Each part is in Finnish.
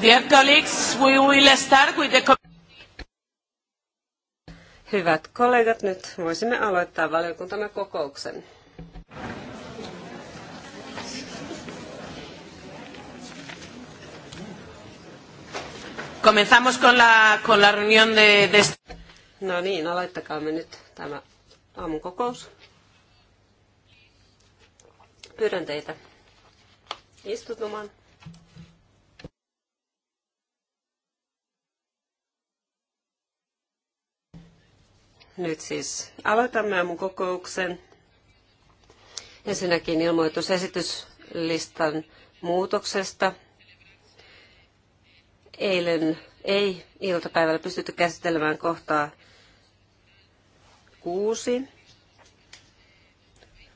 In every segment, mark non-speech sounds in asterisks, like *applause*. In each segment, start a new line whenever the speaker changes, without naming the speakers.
Dear colleagues, we will start with the...
Hyvät kollegat, nyt voisimme aloittaa valiokuntamme kokouksen.
Comenzamos con la, con la reunión de, de...
No niin, aloittakaamme nyt tämä aamun kokous. Pyydän teitä istutumaan. Nyt siis aloitamme aamun kokouksen. Ensinnäkin ilmoitus esityslistan muutoksesta. Eilen ei iltapäivällä pystytty käsittelemään kohtaa kuusi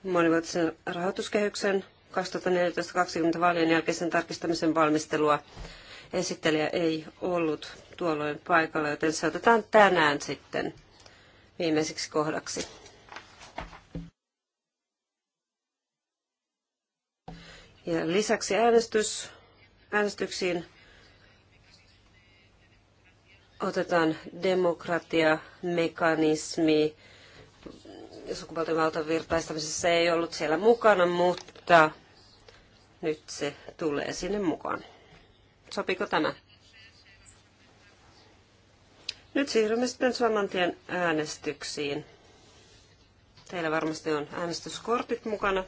monivuotisen rahoituskehyksen 2014-2020 vaalien jälkeisen tarkistamisen valmistelua. Esittelijä ei ollut tuolloin paikalla, joten se otetaan tänään sitten viimeiseksi kohdaksi. Ja lisäksi äänestys, äänestyksiin otetaan mekanismi, Sukupuolten valtavirtaistamisessa ei ollut siellä mukana, mutta nyt se tulee sinne mukaan. Sopiko tämä? Nyt siirrymme sitten saman tien äänestyksiin. Teillä varmasti on äänestyskortit mukana.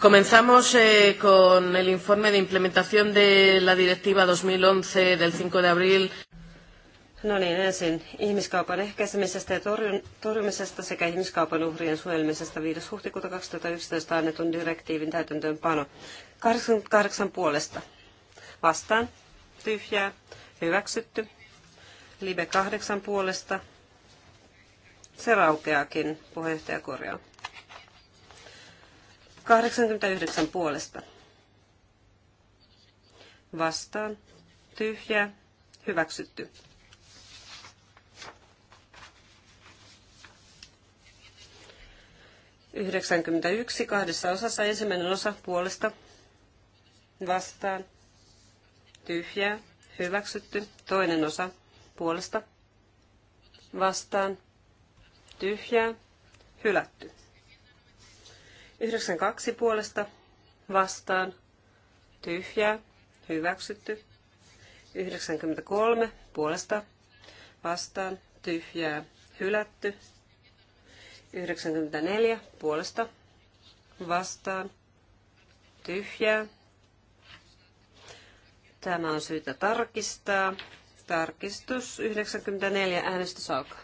Comenzamos eh, con el informe de implementación de la Directiva 2011 del 5 de abril. No niin, ensin ihmiskaupan
ehkäisemisestä ja torjumisesta sekä ihmiskaupan uhrien suojelmisesta 5. huhtikuuta 2011 annetun direktiivin täytäntöönpano. 88 puolesta. Vastaan. Tyhjää. Hyväksytty. Libe 8 puolesta. Se raukeakin, puheenjohtaja korjaa. 89 puolesta. Vastaan. Tyhjää. Hyväksytty. 91 kahdessa osassa ensimmäinen osa puolesta vastaan tyhjää hyväksytty toinen osa puolesta vastaan tyhjää hylätty. 92 puolesta vastaan tyhjää hyväksytty. 93 puolesta vastaan tyhjää hylätty. 94 puolesta vastaan tyhjää. Tämä on syytä tarkistaa. Tarkistus 94 äänestys alkaa.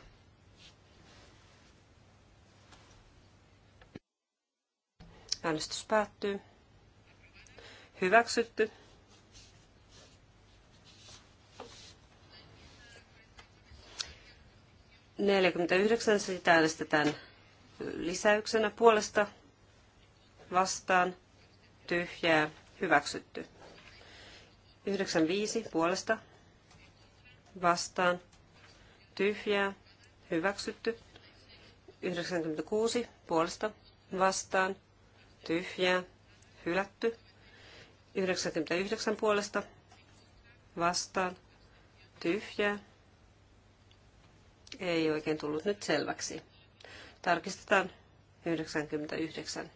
Äänestys päättyy. Hyväksytty. Neljäkymmentäyhdeksän sitä äänestetään lisäyksenä puolesta vastaan tyhjää hyväksytty. 95 puolesta vastaan tyhjää hyväksytty. 96 puolesta vastaan tyhjää hylätty. 99 puolesta vastaan tyhjää. Ei oikein tullut nyt selväksi. Tarkistetaan 99.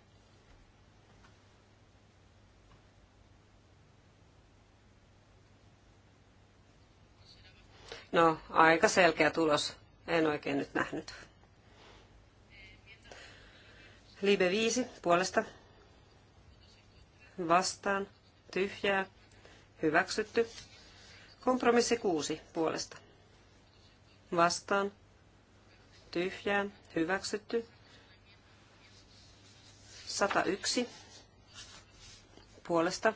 No, aika selkeä tulos. En oikein nyt nähnyt. Libe 5 puolesta. Vastaan. Tyhjää. Hyväksytty. Kompromissi 6 puolesta. Vastaan. tyhjään hyväksytty. 101 puolesta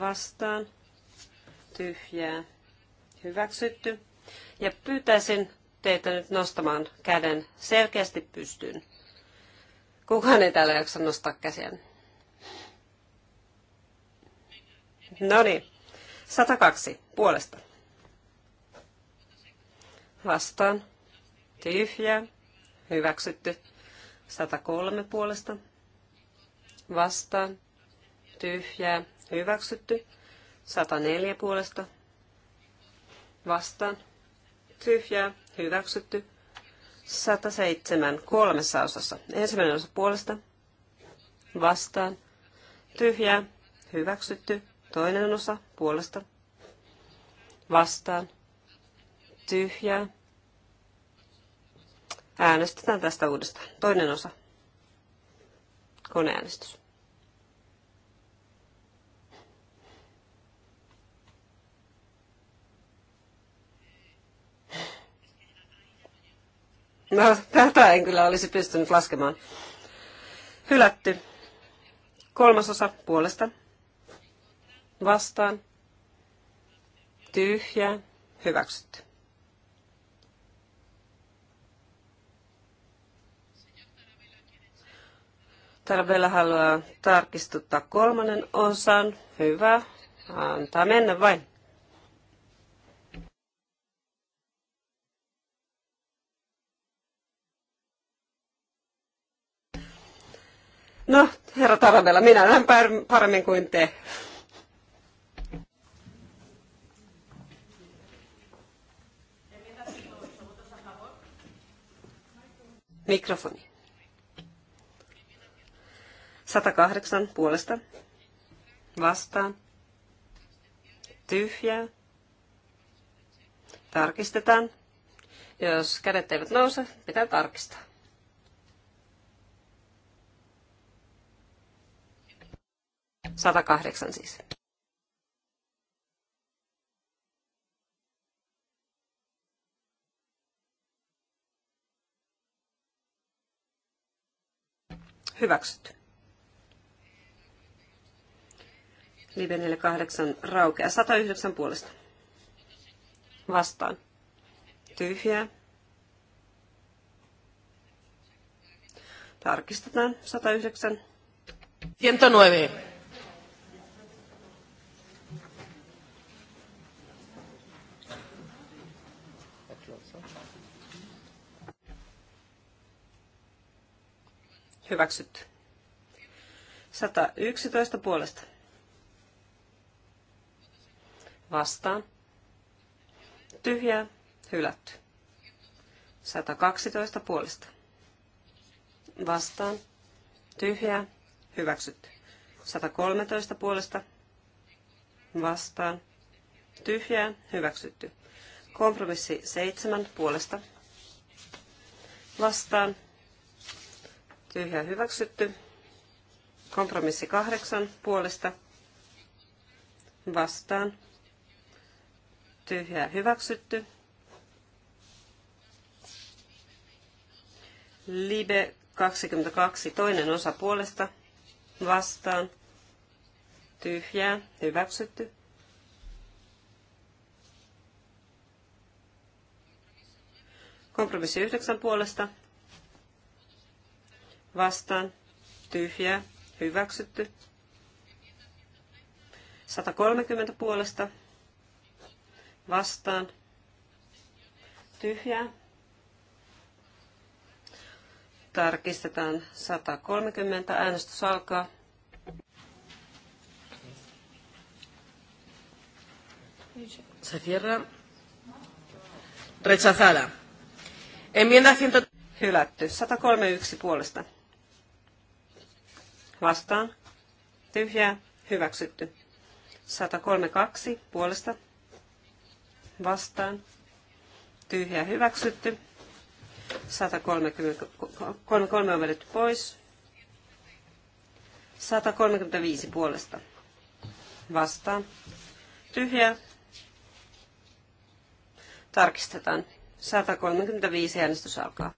vastaan tyhjää hyväksytty. Ja pyytäisin teitä nyt nostamaan käden selkeästi pystyyn. Kukaan ei täällä jaksa nostaa käsiään. No niin, 102 puolesta. Vastaan. Tyhjää. Hyväksytty. 103 puolesta. Vastaan. Tyhjää. Hyväksytty. 104 puolesta. Vastaan. Tyhjää. Hyväksytty. 107 kolmessa osassa. Ensimmäinen osa puolesta. Vastaan. Tyhjää. Hyväksytty. Toinen osa puolesta. Vastaan. Tyhjää Äänestetään tästä uudestaan. Toinen osa. Koneäänestys. No, tätä en kyllä olisi pystynyt laskemaan. Hylätty. Kolmasosa puolesta. Vastaan. Tyhjää. Hyväksytty. vielä haluaa tarkistuttaa kolmannen osan. Hyvä. Antaa mennä vain. No, herra Tarabella, minä näen paremmin kuin te. Mikrofoni. 108 puolesta vastaan. Tyhjää. Tarkistetaan. Jos kädet eivät nouse, pitää tarkistaa. Sata kahdeksan siis. Hyväksytty. Live 48 raukea. 109 puolesta. Vastaan. Tyhjää. Tarkistetaan. 109. 109. Hyväksytty. 111 puolesta vastaan. Tyhjää, hylätty. 112 puolesta. Vastaan. Tyhjää, hyväksytty. 113 puolesta. Vastaan. Tyhjää, hyväksytty. Kompromissi 7 puolesta. Vastaan. Tyhjää, hyväksytty. Kompromissi 8 puolesta. Vastaan ja hyväksytty. Libe 22, toinen osa puolesta, vastaan, tyhjää, hyväksytty. Kompromissi 9 puolesta, vastaan, tyhjää, hyväksytty. 130 puolesta, vastaan, tyhjää. Tarkistetaan 130, äänestys alkaa. Se cierra. Rechazada. Enmienda 100. Hylätty. 131 puolesta. Vastaan. Tyhjää. Hyväksytty. 132 puolesta vastaan, tyhjä hyväksytty. 133 on vedetty pois. 135 puolesta vastaan. Tyhjä. Tarkistetaan. 135 äänestys alkaa.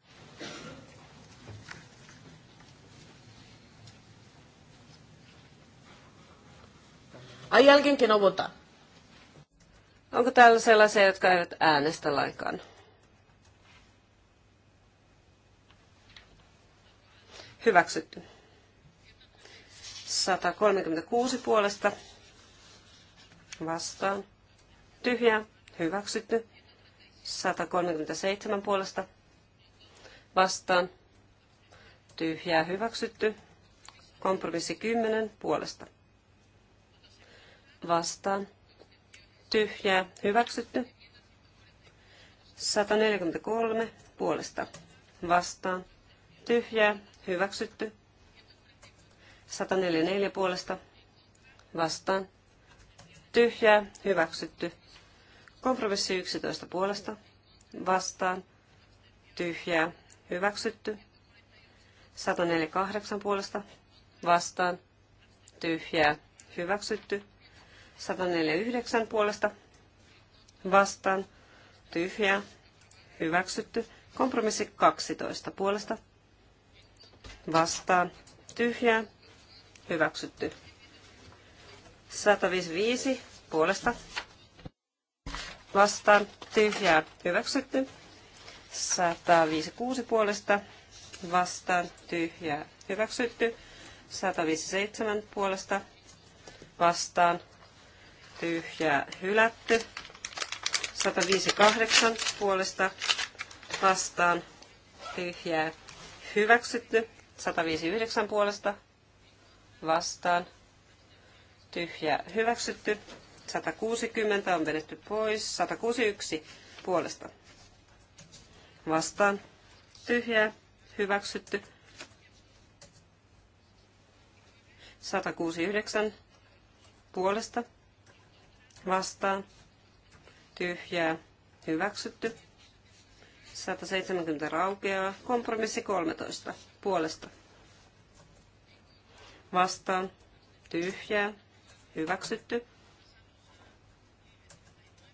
Hay alguien que no vota. Onko täällä sellaisia, jotka eivät äänestä lainkaan? Hyväksytty. 136 puolesta vastaan. tyhjä Hyväksytty. 137 puolesta vastaan. Tyhjää. Hyväksytty. Kompromissi 10 puolesta vastaan tyhjää, hyväksytty. 143 puolesta vastaan, tyhjää, hyväksytty. 144 puolesta vastaan, tyhjää, hyväksytty. Kompromissi 11 puolesta vastaan, tyhjää, hyväksytty. 148 puolesta vastaan, tyhjää, hyväksytty. 149 puolesta vastaan tyhjää hyväksytty. Kompromissi 12 puolesta vastaan tyhjää hyväksytty. 155 puolesta vastaan tyhjää hyväksytty. 156 puolesta vastaan tyhjää hyväksytty. 157 puolesta vastaan tyhjää hylätty. 158 puolesta vastaan tyhjää hyväksytty. 159 puolesta vastaan tyhjää hyväksytty. 160 on vedetty pois. 161 puolesta vastaan tyhjää hyväksytty. 169 puolesta vastaan, tyhjää, hyväksytty. 170 raukeaa, kompromissi 13 puolesta. Vastaan, tyhjää, hyväksytty.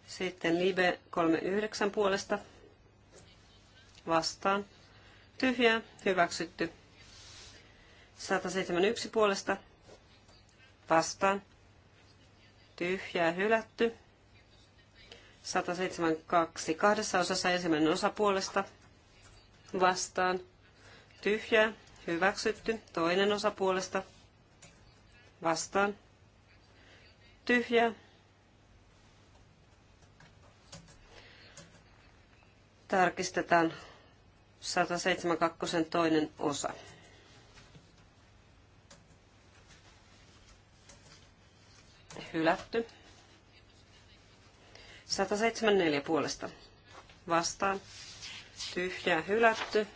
Sitten Libe 39 puolesta vastaan. Tyhjää, hyväksytty. 171 puolesta vastaan tyhjää hylätty. 172. Kahdessa osassa ensimmäinen osa puolesta vastaan tyhjää hyväksytty. Toinen osa puolesta vastaan tyhjää. Tarkistetaan 172 toinen osa. hylätty. 174 puolesta vastaan tyhjää hylätty.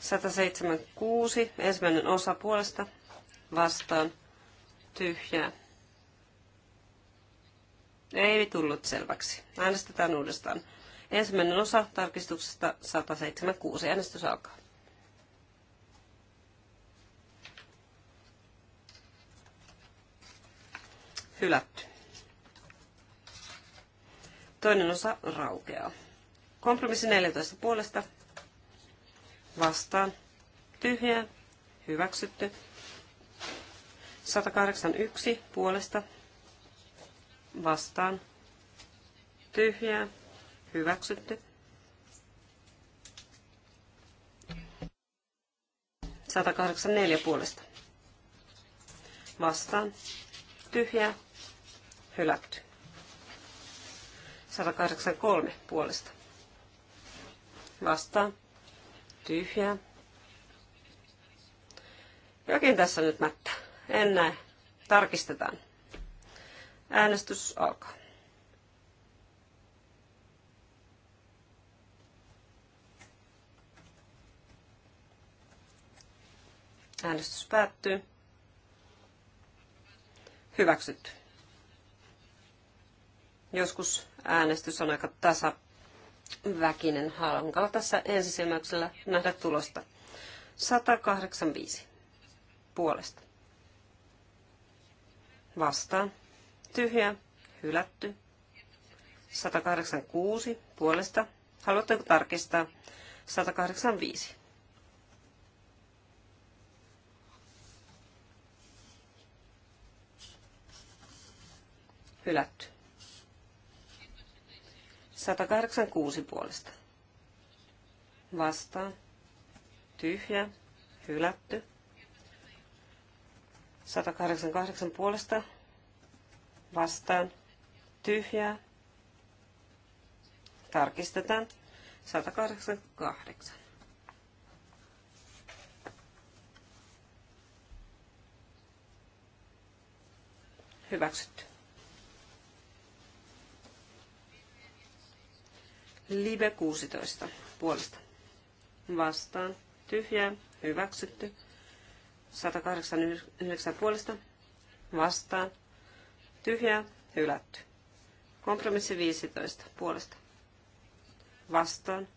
176 ensimmäinen osa puolesta vastaan tyhjää. Ei tullut selväksi. Äänestetään uudestaan. Ensimmäinen osa tarkistuksesta 176. Äänestys alkaa. hylätty. Toinen osa raukeaa. Kompromissi 14 puolesta vastaan tyhjää hyväksytty. 181 puolesta vastaan tyhjää hyväksytty. 184 puolesta. Vastaan. Tyhjää hylätty. 183 puolesta. Vastaan. Tyhjää. Jokin tässä nyt mättä. En näe. Tarkistetaan. Äänestys alkaa. Äänestys päättyy. Hyväksytty. Joskus äänestys on aika tasaväkinen. Hankala tässä ensisilmäyksellä nähdä tulosta. 185 puolesta. Vastaan. Tyhjä. Hylätty. 186 puolesta. Haluatteko tarkistaa? 185. Hylätty. 186 puolesta. Vastaan. Tyhjä. Hylätty. 188 puolesta. Vastaan. Tyhjää. Tarkistetaan. 188. Hyväksytty. Live 16 puolesta. Vastaan. Tyhjää. Hyväksytty. 189 puolesta. Vastaan. Tyhjää. Hylätty. Kompromissi 15 puolesta. Vastaan.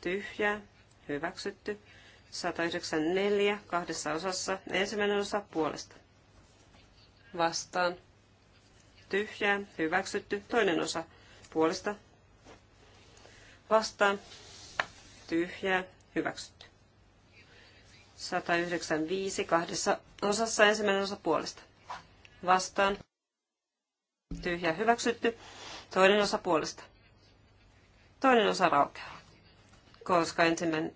Tyhjää. Hyväksytty. 194 kahdessa osassa. Ensimmäinen osa puolesta. Vastaan. Tyhjää. Hyväksytty. Toinen osa puolesta vastaan, tyhjää, hyväksytty. 195 kahdessa osassa ensimmäinen osa puolesta. Vastaan, tyhjä hyväksytty. Toinen osa puolesta. Toinen osa raukeaa, koska ensimmäinen,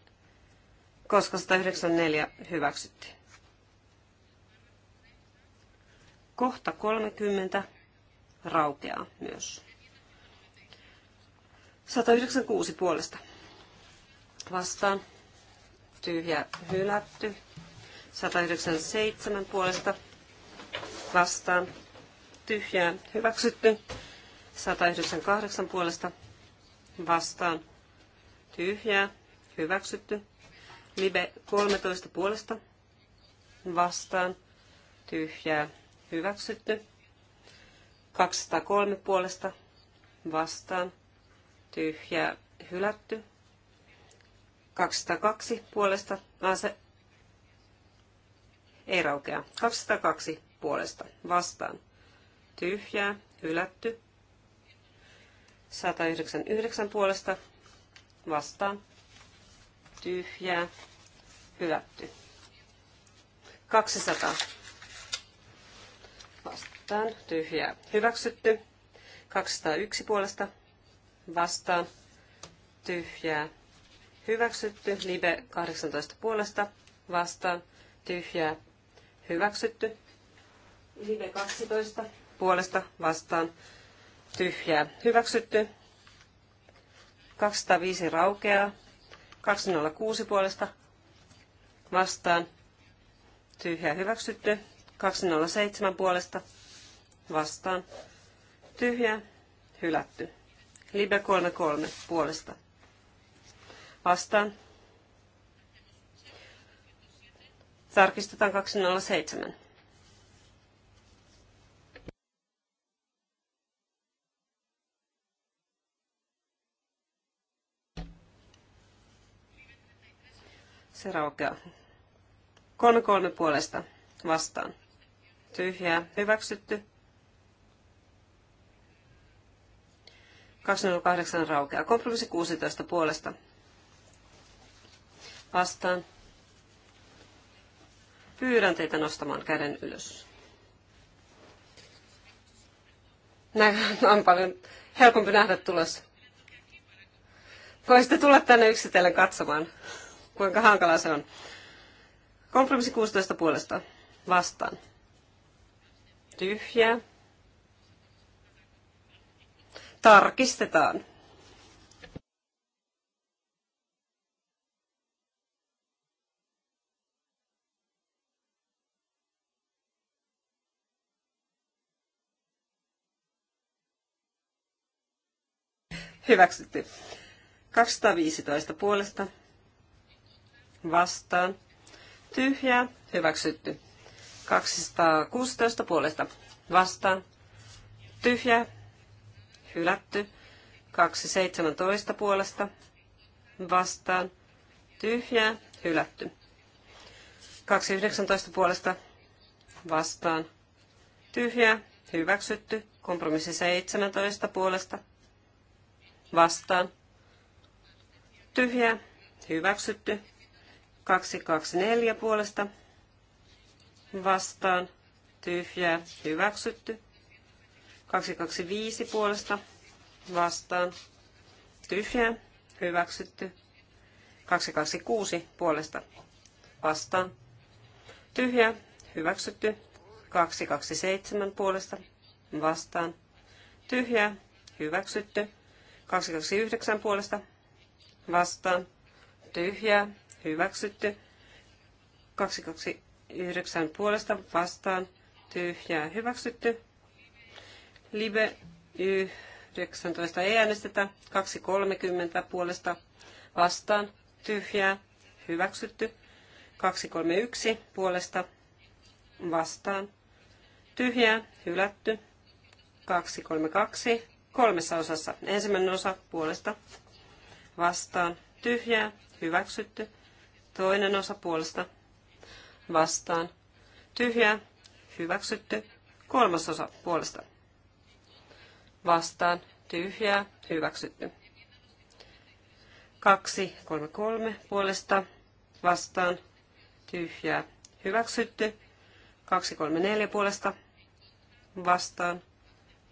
koska 194 hyväksytti Kohta 30 raukeaa myös. 196 puolesta. Vastaan. Tyhjä hylätty. 197 puolesta. Vastaan. Tyhjään hyväksytty. 198 puolesta. Vastaan. Tyhjää hyväksytty. Libe 13 puolesta. Vastaan. Tyhjää hyväksytty. 203 puolesta. Vastaan tyhjää hylätty. 202 puolesta, vaan se ei raukea. 202 puolesta vastaan tyhjää hylätty. 199 puolesta vastaan tyhjää hylätty. 200 vastaan tyhjää hyväksytty. 201 puolesta vastaan tyhjää hyväksytty. Libe 18 puolesta vastaan tyhjää hyväksytty. Libe 12 puolesta vastaan tyhjää hyväksytty. 205 raukeaa. 206 puolesta vastaan tyhjää hyväksytty. 207 puolesta vastaan tyhjää hylätty. Libe 33 puolesta. Vastaan. Tarkistetaan 207. Se raukeaa. 33 puolesta vastaan. Tyhjää. Hyväksytty. 208 raukeaa. Kompromissi 16 puolesta. Vastaan. Pyydän teitä nostamaan käden ylös. Näin on paljon helpompi nähdä tulos. Voisitte tulla tänne yksitellen katsomaan, kuinka hankalaa se on. Kompromissi 16 puolesta vastaan. Tyhjää tarkistetaan. Hyväksytty. 215 puolesta vastaan. Tyhjää. Hyväksytty. 216 puolesta vastaan. Tyhjää hylätty. 2.17 puolesta vastaan tyhjää hylätty. 2.19 puolesta vastaan tyhjää hyväksytty. Kompromissi 17 puolesta vastaan tyhjää hyväksytty. 224 puolesta vastaan tyhjää hyväksytty. 225 puolesta vastaan. tyhjä Hyväksytty. 226 puolesta vastaan. tyhjä Hyväksytty. 227 puolesta vastaan. tyhjä Hyväksytty. 229 puolesta vastaan. tyhjä Hyväksytty. 229 puolesta vastaan. tyhjä Hyväksytty. Live 19 ei äänestetä, 230 puolesta vastaan, tyhjää, hyväksytty, 231 puolesta vastaan, tyhjää, hylätty, 232 kolmessa osassa. Ensimmäinen osa puolesta vastaan, tyhjää, hyväksytty, toinen osa puolesta vastaan, tyhjää, hyväksytty, kolmas osa puolesta vastaan tyhjää hyväksytty. 233 puolesta vastaan tyhjää hyväksytty. 234 puolesta vastaan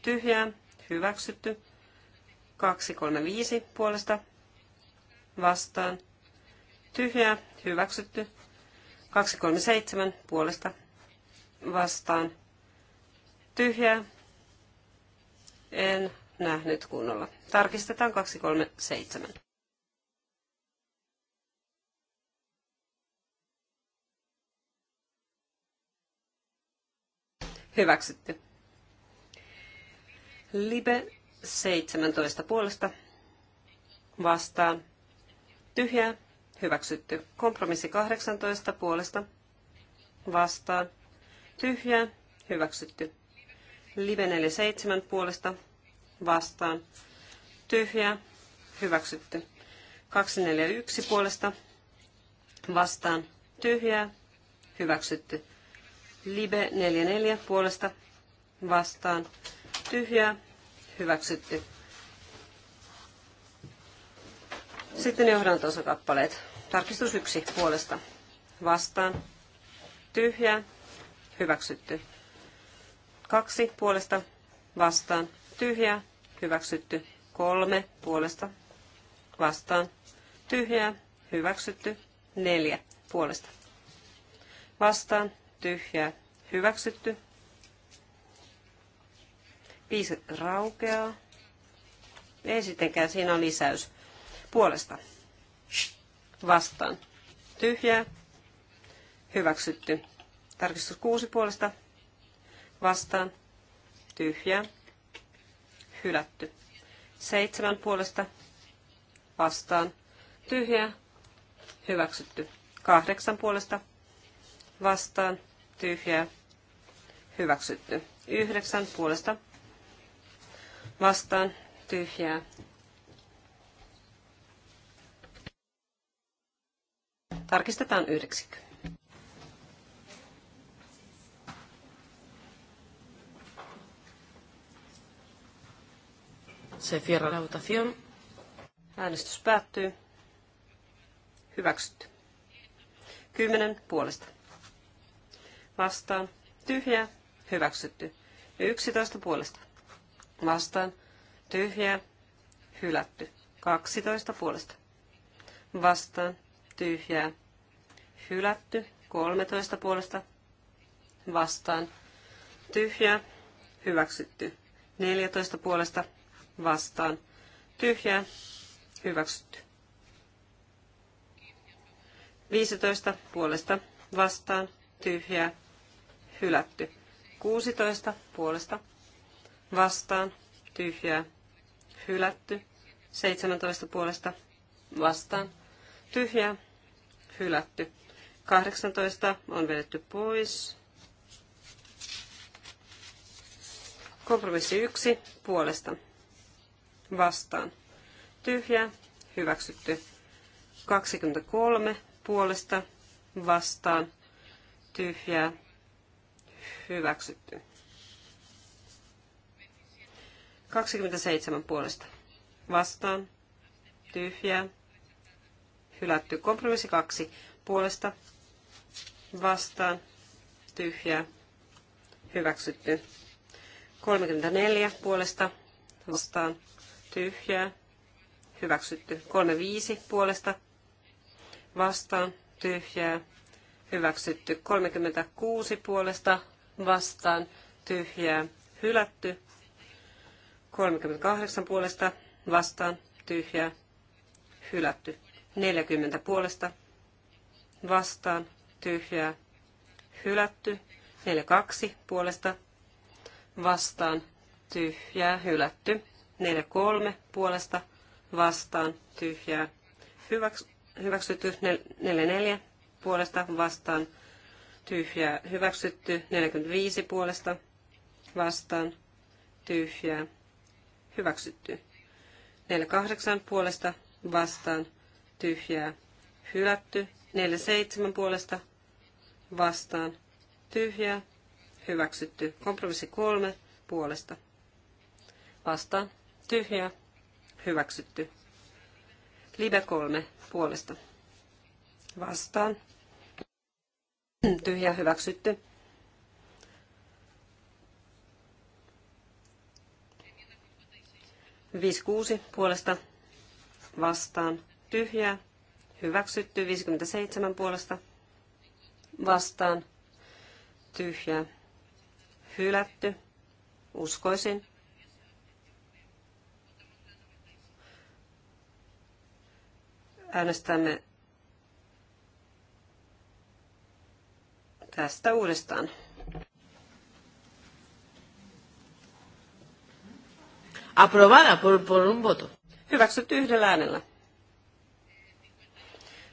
tyhjää hyväksytty. 235 puolesta vastaan tyhjää hyväksytty. 237 puolesta vastaan tyhjää en nähnyt kunnolla. Tarkistetaan 237. Hyväksytty. Libe 17 puolesta vastaan. Tyhjää. Hyväksytty. Kompromissi 18 puolesta vastaan. Tyhjää. Hyväksytty. Live 47 puolesta vastaan. Tyhjää. Hyväksytty. 241 puolesta vastaan. Tyhjää. Hyväksytty. Libe 44 puolesta vastaan. Tyhjää. Hyväksytty. Sitten johdantosakappaleet. Tarkistus 1 puolesta vastaan. Tyhjää. Hyväksytty. Kaksi puolesta vastaan tyhjää, hyväksytty. Kolme puolesta vastaan tyhjää, hyväksytty. Neljä puolesta vastaan tyhjää, hyväksytty. Viisi raukeaa. Ei sittenkään, siinä on lisäys. Puolesta vastaan tyhjää, hyväksytty. Tarkistus kuusi puolesta vastaan, tyhjä hylätty. Seitsemän puolesta vastaan, tyhjä hyväksytty. Kahdeksan puolesta vastaan, tyhjä hyväksytty. Yhdeksän puolesta vastaan, tyhjä tarkistetaan yhdeksikö.
Se cierra la votación.
Äänestys päättyy. Hyväksytty. Kymmenen puolesta. Vastaan. Tyhjää. Hyväksytty. Yksitoista puolesta. Vastaan. Tyhjää. Hylätty. Kaksitoista puolesta. Vastaan. Tyhjää. Hylätty. Kolmetoista puolesta. Vastaan. Tyhjää. Hyväksytty. Neljätoista puolesta vastaan tyhjää hyväksytty. 15 puolesta vastaan tyhjää hylätty. 16 puolesta vastaan tyhjää hylätty. 17 puolesta vastaan tyhjää hylätty. 18 on vedetty pois. Kompromissi 1 puolesta vastaan. tyhjä hyväksytty. 23 puolesta vastaan. tyhjä hyväksytty. 27 puolesta vastaan. tyhjä hylätty. Kompromissi 2 puolesta vastaan. tyhjä hyväksytty. 34 puolesta vastaan tyhjää, hyväksytty. 35 puolesta vastaan, tyhjää, hyväksytty. 36 puolesta vastaan, tyhjää, hylätty. 38 puolesta vastaan, tyhjää, hylätty. 40 puolesta vastaan, tyhjää, hylätty. 42 puolesta vastaan, tyhjää, hylätty. 4.3 puolesta vastaan tyhjää. Hyväks, hyväksytty 4.4 puolesta vastaan tyhjää. Hyväksytty 45 puolesta vastaan tyhjää. Hyväksytty 4.8 puolesta vastaan tyhjää. Hylätty 4.7 puolesta vastaan tyhjää. Hyväksytty kompromissi 3 puolesta vastaan tyhjä hyväksytty. Live kolme puolesta vastaan, tyhjä hyväksytty. Viisi kuusi puolesta vastaan, Tyhjä. hyväksytty. 57 puolesta vastaan, tyhjä hylätty, uskoisin. Äänestämme tästä uudestaan. Aprovada por, por un voto. Hyväksytty yhdellä äänellä.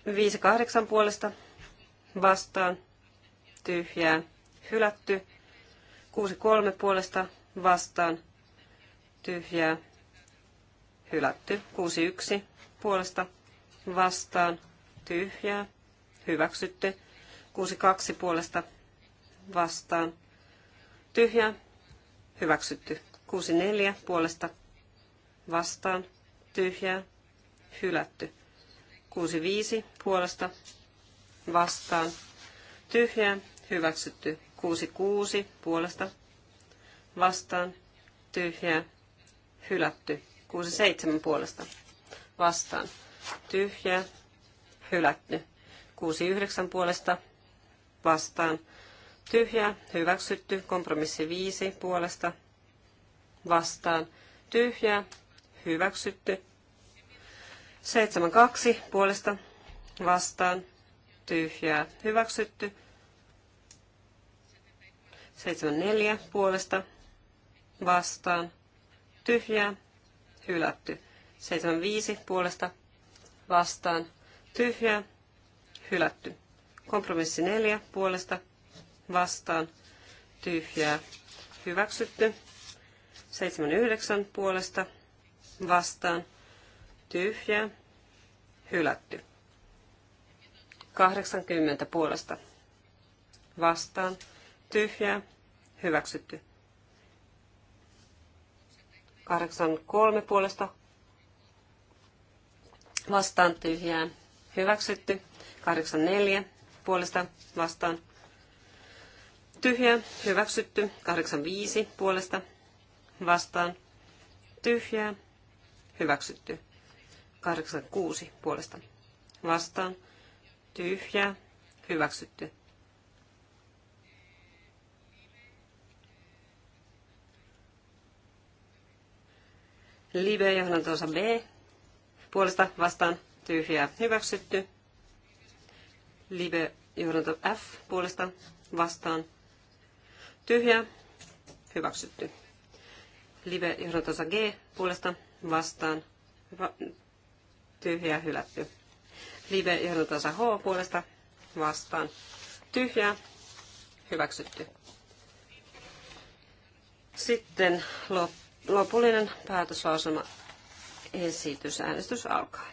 5-8 puolesta vastaan tyhjää hylätty. 6-3 puolesta vastaan tyhjää hylätty. 6-1 puolesta vastaan tyhjää, hyväksytty. 62 puolesta vastaan tyhjää, hyväksytty. 64 puolesta vastaan tyhjää, hylätty. 65 puolesta vastaan tyhjää, hyväksytty. 66 puolesta vastaan tyhjää, hylätty. 67 puolesta vastaan tyhjä, hylätty. 6-9 puolesta vastaan, Tyhjä, hyväksytty. Kompromissi 5 puolesta vastaan, Tyhjä, hyväksytty. 7-2 puolesta vastaan, tyhjää, hyväksytty. 7-4 puolesta vastaan, tyhjää, hylätty. 7-5 puolesta vastaan vastaan tyhjää hylätty. Kompromissi neljä puolesta vastaan tyhjää hyväksytty. 79 puolesta vastaan tyhjää hylätty. 80 puolesta vastaan tyhjää hyväksytty. 83 puolesta vastaan tyhjää hyväksytty. 84 puolesta vastaan Tyhjä. hyväksytty. 85 puolesta vastaan tyhjää hyväksytty. 86 puolesta vastaan tyhjää hyväksytty. Live johdantonsa B puolesta vastaan tyhjää hyväksytty. Live johdanto F puolesta vastaan tyhjää hyväksytty. Live johdanto G puolesta vastaan tyhjää hylätty. Live johdanto H puolesta vastaan tyhjää hyväksytty. Sitten lopullinen päätöslausuma esitys. Äänestys alkaa.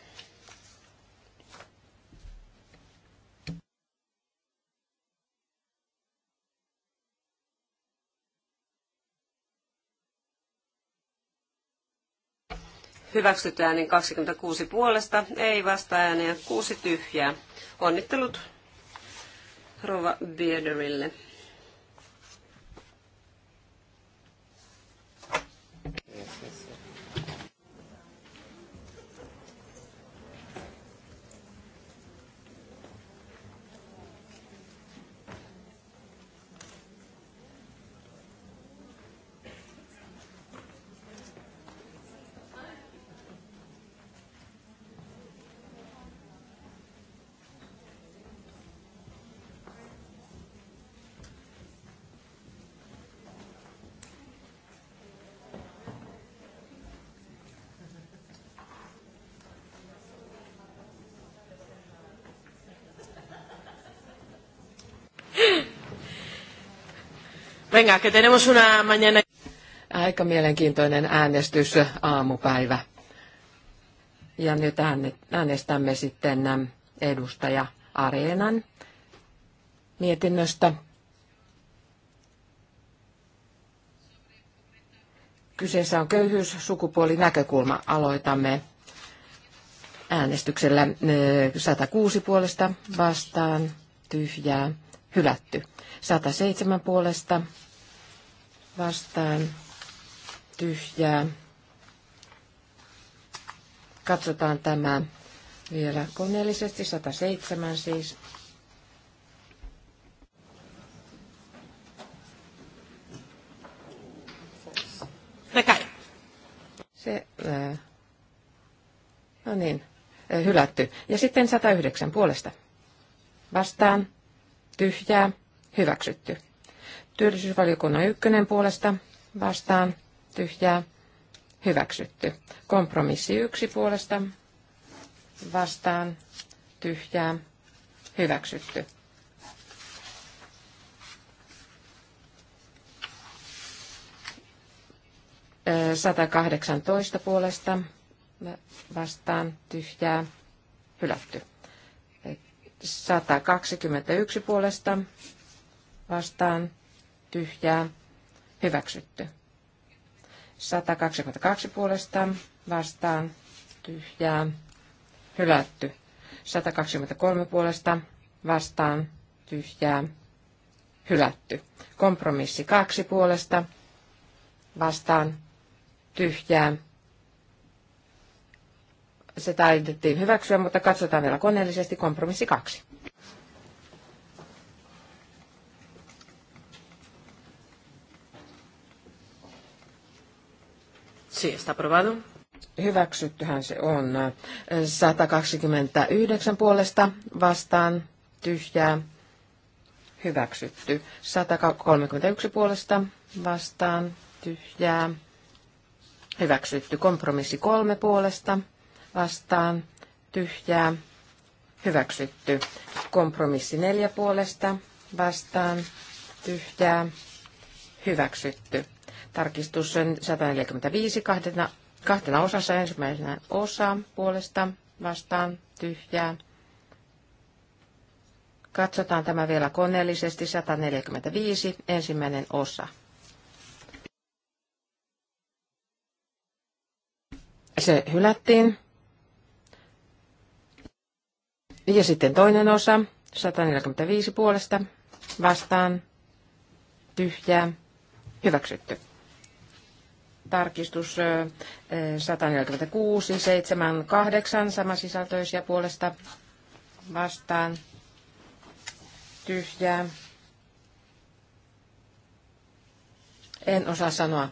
Hyväksytään niin 26 puolesta, ei vasta ääniä, 6 tyhjää. Onnittelut Rova Biederille.
Venga, que tenemos una mañana. Aika mielenkiintoinen äänestys aamupäivä. Ja nyt äänestämme sitten ähm, edustaja Areenan mietinnöstä. Kyseessä on köyhyys, sukupuoli, näkökulma. Aloitamme äänestyksellä 106 äh, puolesta vastaan, tyhjää, hylätty. 107 puolesta vastaan tyhjää. Katsotaan tämä vielä koneellisesti, 107 siis. Se, ää, äh, no niin, äh, hylätty. Ja sitten 109 puolesta. Vastaan, tyhjää, hyväksytty. Työllisyysvaliokunnan ykkönen puolesta vastaan tyhjää hyväksytty. Kompromissi yksi puolesta vastaan tyhjää hyväksytty. Ö, 118 puolesta vastaan tyhjää hylätty. 121 puolesta vastaan tyhjää, hyväksytty. 122 puolestaan vastaan, tyhjää, hylätty. 123 puolesta vastaan, tyhjää, hylätty. Kompromissi 2 puolesta vastaan, tyhjää. Se taidettiin hyväksyä, mutta katsotaan vielä koneellisesti kompromissi 2. Si, está aprobado. Hyväksyttyhän se on. 129 puolesta vastaan tyhjää. Hyväksytty. 131 puolesta vastaan tyhjää. Hyväksytty. Kompromissi kolme puolesta vastaan tyhjää. Hyväksytty. Kompromissi neljä puolesta vastaan tyhjää. Hyväksytty. Tarkistus 145 kahtena, kahtena osassa. Ensimmäisenä osa puolesta vastaan tyhjää. Katsotaan tämä vielä koneellisesti. 145, ensimmäinen osa. Se hylättiin. Ja sitten toinen osa, 145 puolesta, vastaan, tyhjää, hyväksytty tarkistus 146, 7, 8 samansisältöisiä puolesta vastaan tyhjää. En osaa sanoa.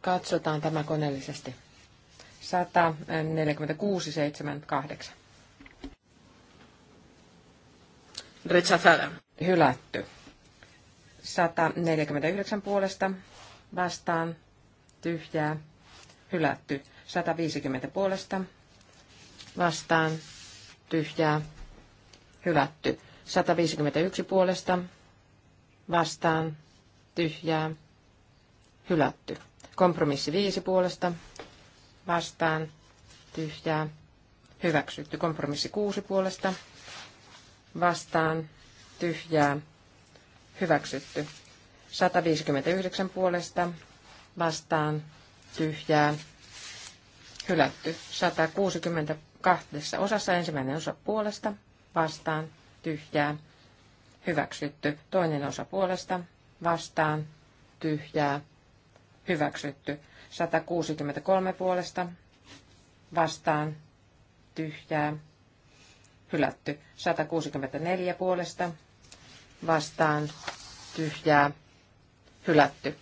Katsotaan tämä koneellisesti. 146, 7, 8. Rechazada. Hylätty. 149 puolesta vastaan tyhjää, hylätty. 150 puolesta vastaan, tyhjää, hylätty. 151 puolesta vastaan, tyhjää, hylätty. Kompromissi 5 puolesta vastaan, tyhjää, hyväksytty. Kompromissi 6 puolesta vastaan, tyhjää, hyväksytty. 159 puolesta vastaan tyhjää hylätty. 162 osassa ensimmäinen osa puolesta vastaan tyhjää hyväksytty. Toinen osa puolesta vastaan tyhjää hyväksytty. 163 puolesta vastaan tyhjää hylätty. 164 puolesta vastaan tyhjää hylätty.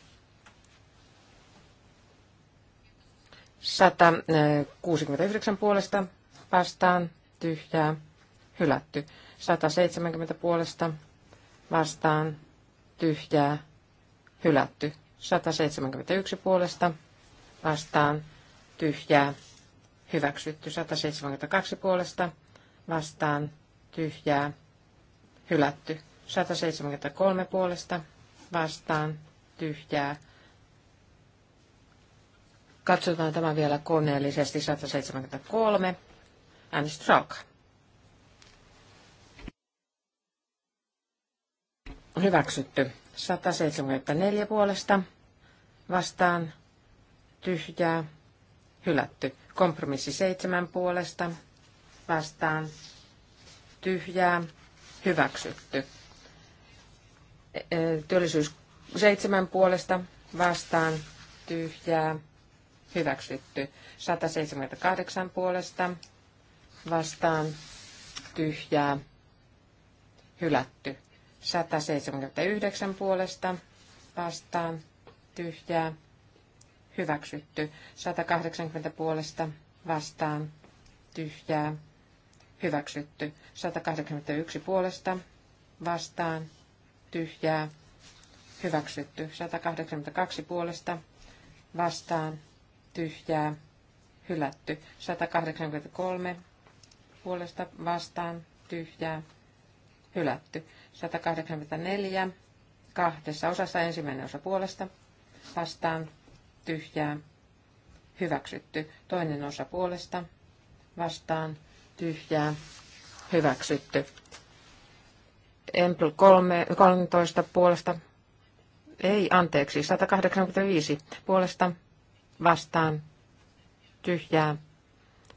169 eh, puolesta vastaan tyhjää hylätty. 170 puolesta vastaan tyhjää hylätty. 171 puolesta vastaan tyhjää hyväksytty. 172 puolesta vastaan tyhjää hylätty. 173 puolesta vastaan tyhjää hylätty Katsotaan tämä vielä koneellisesti. 173. Äänestys alkaa. Hyväksytty. 174 puolesta vastaan tyhjää, hylätty. Kompromissi 7 puolesta vastaan tyhjää, hyväksytty. E, e, työllisyys 7 puolesta vastaan tyhjää, hyväksytty. 178 puolesta vastaan tyhjää hylätty. 179 puolesta vastaan tyhjää hyväksytty. 180 puolesta vastaan tyhjää hyväksytty. 181 puolesta vastaan tyhjää hyväksytty. 182 puolesta vastaan tyhjää, hylätty. 183 puolesta vastaan, tyhjää, hylätty. 184 kahdessa osassa ensimmäinen osa puolesta vastaan, tyhjää, hyväksytty. Toinen osa puolesta vastaan, tyhjää, hyväksytty. Empl 3, 13 puolesta, ei anteeksi, 185 puolesta vastaan tyhjää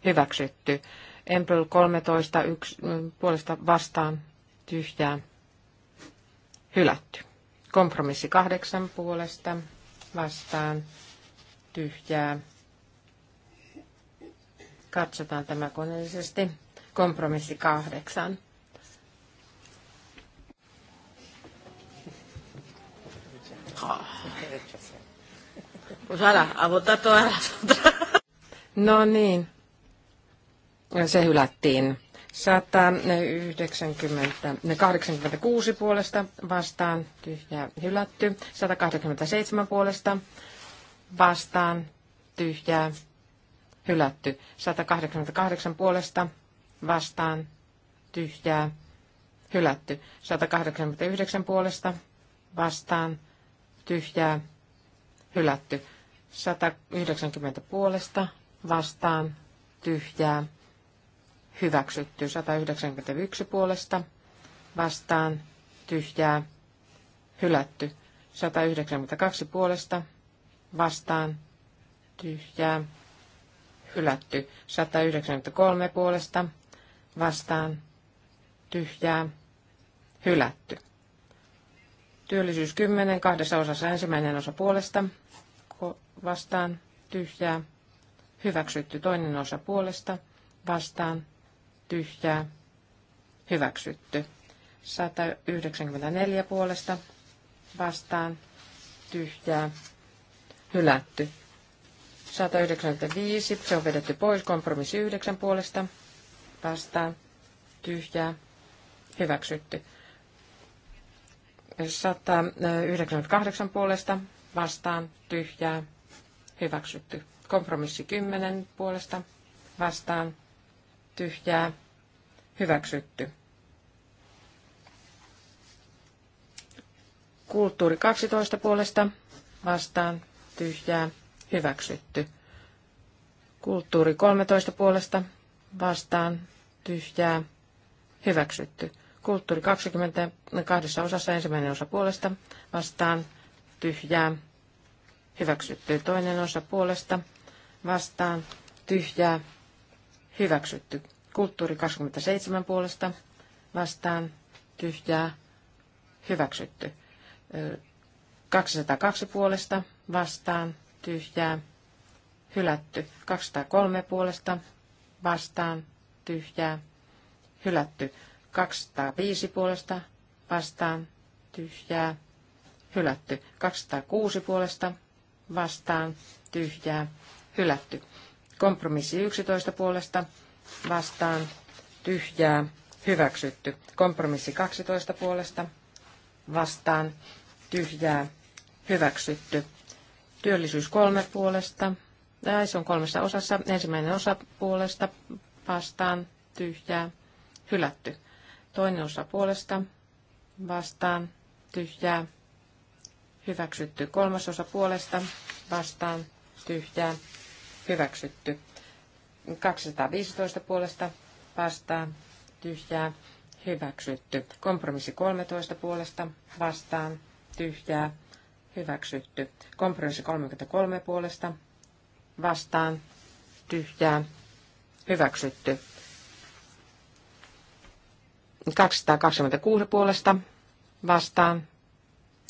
hyväksytty. Empel 13 yks, mm, puolesta vastaan tyhjää hylätty. Kompromissi kahdeksan puolesta vastaan tyhjää. Katsotaan tämä koneellisesti. Kompromissi kahdeksan. Oh. Pues ahora, a votar todas las otras. No niin. Se hylättiin. 186 puolesta vastaan, tyhjä hylätty. 187 puolesta vastaan, tyhjä hylätty. 188 puolesta vastaan, tyhjä hylätty. 189 puolesta vastaan, tyhjää hylätty. 190 puolesta vastaan tyhjää hyväksytty. 191 puolesta vastaan tyhjää hylätty. 192 puolesta vastaan tyhjää hylätty. 193 puolesta vastaan tyhjää hylätty. Työllisyys 10, kahdessa osassa ensimmäinen osa puolesta, vastaan, tyhjää, hyväksytty. Toinen osa puolesta, vastaan, tyhjää, hyväksytty. 194 puolesta, vastaan, tyhjää, hylätty. 195, se on vedetty pois, kompromissi 9 puolesta, vastaan, tyhjää, hyväksytty. 198 puolesta, vastaan, tyhjää, hyväksytty. Kompromissi 10 puolesta vastaan tyhjää hyväksytty. Kulttuuri 12 puolesta vastaan tyhjää hyväksytty. Kulttuuri 13 puolesta vastaan tyhjää hyväksytty. Kulttuuri 20 kahdessa osassa ensimmäinen osa puolesta vastaan tyhjää hyväksytty. Toinen osa puolesta vastaan tyhjää, hyväksytty. Kulttuuri 27 puolesta vastaan tyhjää, hyväksytty. 202 puolesta vastaan tyhjää, hylätty. 203 puolesta vastaan tyhjää, hylätty. 205 puolesta vastaan tyhjää, hylätty. 206 puolesta vastaan tyhjää hylätty. Kompromissi 11 puolesta vastaan tyhjää hyväksytty. Kompromissi 12 puolesta vastaan tyhjää hyväksytty. Työllisyys kolme puolesta. Ää, äh, se on kolmessa osassa. Ensimmäinen osa puolesta vastaan tyhjää hylätty. Toinen osa puolesta vastaan tyhjää hyväksytty. Kolmasosa puolesta vastaan tyhjää, hyväksytty. 215 puolesta vastaan tyhjää, hyväksytty. Kompromissi 13 puolesta vastaan tyhjää, hyväksytty. Kompromissi 33 puolesta vastaan tyhjää, hyväksytty. 226 puolesta vastaan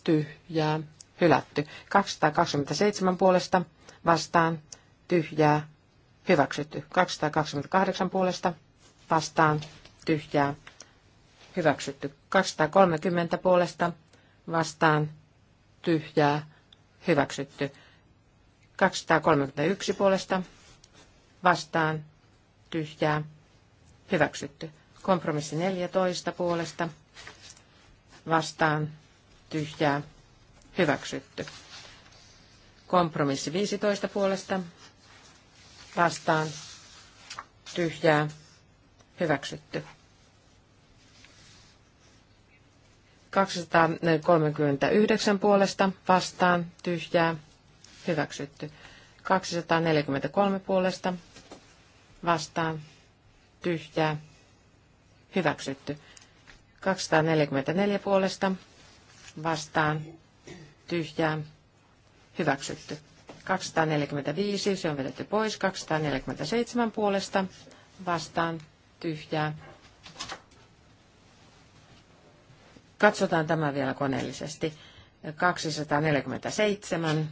tyhjää, hylätty. 227 puolesta vastaan, tyhjää, hyväksytty. 228 puolesta vastaan, tyhjää, hyväksytty. 230 puolesta vastaan, tyhjää, hyväksytty. 231 puolesta vastaan, tyhjää, hyväksytty. Kompromissi 14 puolesta vastaan, tyhjää hyväksytty. Kompromissi 15 puolesta vastaan tyhjää hyväksytty. 239 puolesta vastaan tyhjää hyväksytty. 243 puolesta vastaan tyhjää hyväksytty. 244 puolesta vastaan tyhjää hyväksytty. 245, se on vedetty pois. 247 puolesta vastaan tyhjää. Katsotaan tämä vielä koneellisesti. 247.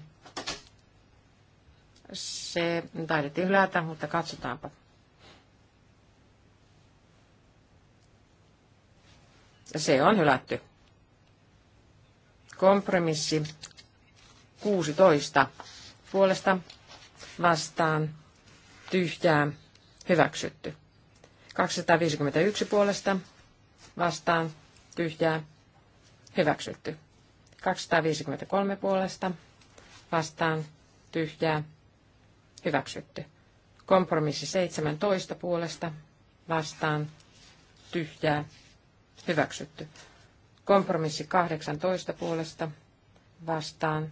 Se taidettiin hylätä, mutta katsotaanpa. Se on hylätty. Kompromissi 16 puolesta vastaan tyhjää hyväksytty. 251 puolesta vastaan tyhjää hyväksytty. 253 puolesta vastaan tyhjää hyväksytty. Kompromissi 17 puolesta vastaan tyhjää hyväksytty. Kompromissi 18 puolesta vastaan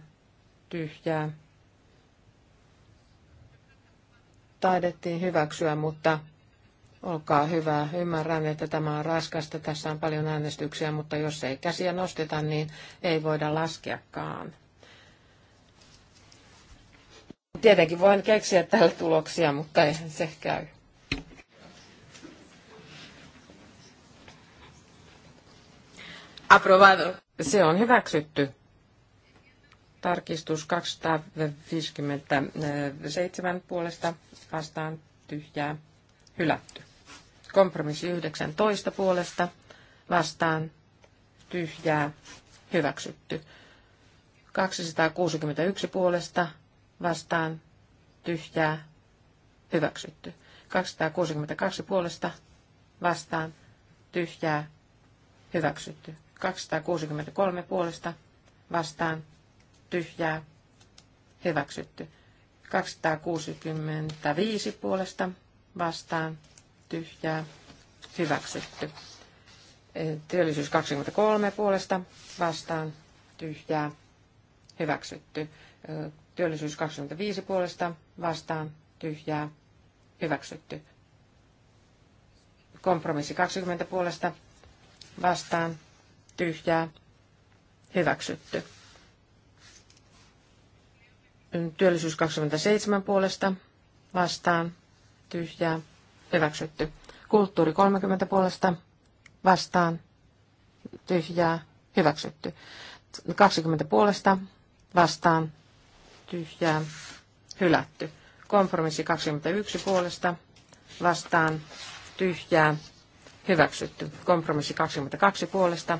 tyhjää. Taidettiin hyväksyä, mutta olkaa hyvä. Ymmärrän, että tämä on raskasta. Tässä on paljon äänestyksiä, mutta jos ei käsiä nosteta, niin ei voida laskeakaan. Tietenkin voin keksiä tällä tuloksia, mutta eihän se käy. Aprobado. Se on hyväksytty. Tarkistus 257 puolesta vastaan tyhjää hylätty. Kompromissi 19 puolesta vastaan tyhjää hyväksytty. 261 puolesta vastaan tyhjää hyväksytty. 262 puolesta vastaan tyhjää hyväksytty. 263 puolesta vastaan tyhjää hyväksytty. 265 puolesta vastaan tyhjää hyväksytty. E, työllisyys 23 puolesta vastaan tyhjää hyväksytty. E, työllisyys 25 puolesta vastaan tyhjää hyväksytty. Kompromissi 20 puolesta vastaan tyhjää hyväksytty. Työllisyys 27 puolesta vastaan tyhjää hyväksytty. Kulttuuri 30 puolesta vastaan tyhjää hyväksytty. 20 puolesta vastaan tyhjää hylätty. Kompromissi 21 puolesta vastaan tyhjää hyväksytty. Kompromissi 22 puolesta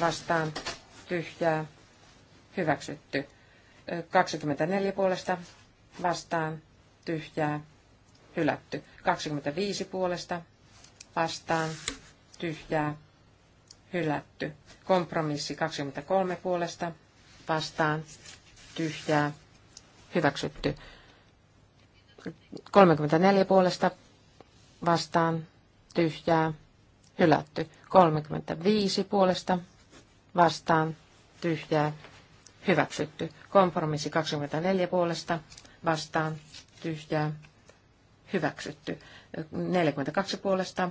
vastaan tyhjää hyväksytty. 24 puolesta vastaan tyhjää hylätty. 25 puolesta vastaan tyhjää hylätty. Kompromissi 23 puolesta vastaan tyhjää hyväksytty. 34 puolesta vastaan tyhjää hylätty. 35 puolesta vastaan tyhjää hyväksytty. Kompromissi 24 puolesta vastaan tyhjää hyväksytty. 42 puolesta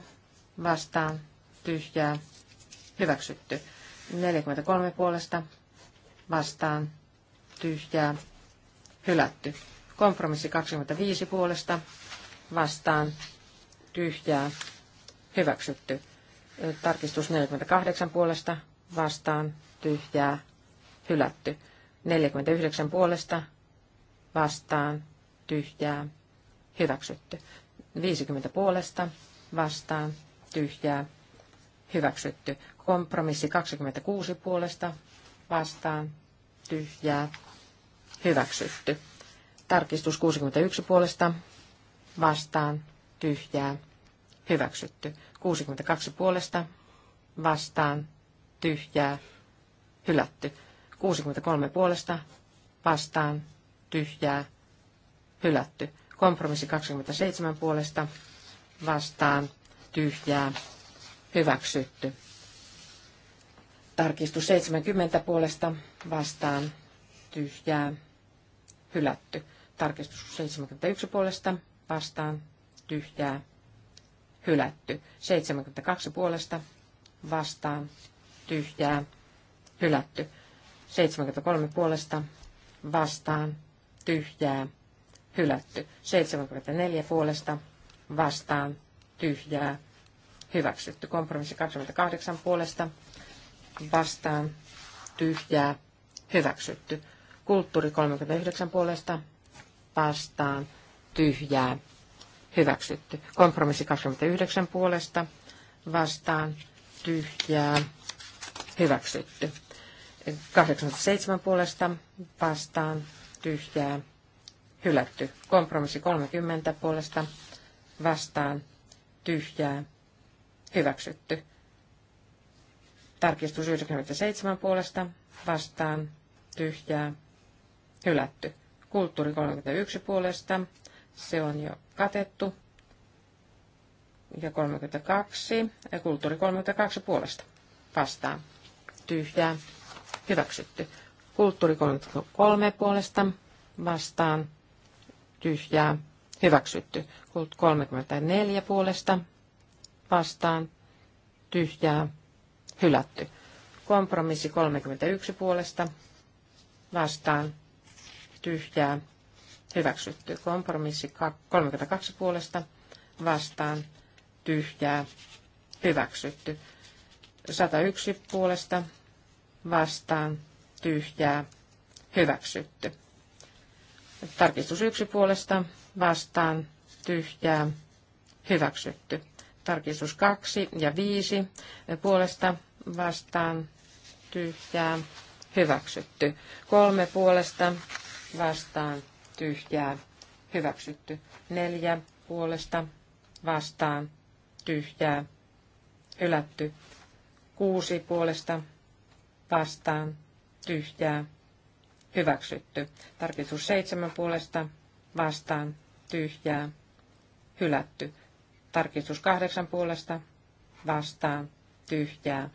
vastaan tyhjää hyväksytty. 43 puolesta vastaan tyhjää hylätty. Kompromissi 25 puolesta vastaan tyhjää hyväksytty. Tarkistus 48 puolesta vastaan tyhjää hylätty. 49 puolesta vastaan tyhjää hyväksytty. 50 puolesta vastaan tyhjää hyväksytty. Kompromissi 26 puolesta vastaan tyhjää hyväksytty. Tarkistus 61 puolesta vastaan tyhjää hyväksytty. 62 puolesta vastaan tyhjää, hylätty. 63 puolesta vastaan, tyhjää, hylätty. Kompromissi 27 puolesta vastaan, tyhjää, hyväksytty. Tarkistus 70 puolesta vastaan, tyhjää, hylätty. Tarkistus 71 puolesta vastaan, tyhjää, hylätty. 72 puolesta vastaan, tyhjää, hylätty. 73 puolesta vastaan, tyhjää, hylätty. 74 puolesta vastaan, tyhjää, hyväksytty. Kompromissi 28 puolesta vastaan, tyhjää, hyväksytty. Kulttuuri 39 puolesta vastaan, tyhjää, hyväksytty. Kompromissi 29 puolesta vastaan, tyhjää, hyväksytty. 87 puolesta vastaan tyhjää hylätty. Kompromissi 30 puolesta vastaan tyhjää hyväksytty. Tarkistus 97 puolesta vastaan tyhjää hylätty. Kulttuuri 31 puolesta se on jo katettu. Ja 32 ja kulttuuri 32 puolesta vastaan tyhjää, hyväksytty. Kulttuuri 33 puolesta vastaan, tyhjää, hyväksytty. Kult 34 puolesta vastaan, tyhjää, hylätty. Kompromissi 31 puolesta vastaan, tyhjää, hyväksytty. Kompromissi 32 puolesta vastaan, tyhjää, hyväksytty. 101 puolesta vastaan tyhjää hyväksytty. Tarkistus 1 puolesta vastaan tyhjää hyväksytty. Tarkistus 2 ja 5 puolesta vastaan tyhjää hyväksytty. Kolme puolesta vastaan tyhjää hyväksytty. Neljä puolesta vastaan tyhjää hylätty kuusi puolesta vastaan tyhjää hyväksytty. Tarkistus seitsemän puolesta vastaan tyhjää hylätty. Tarkistus kahdeksan puolesta vastaan tyhjää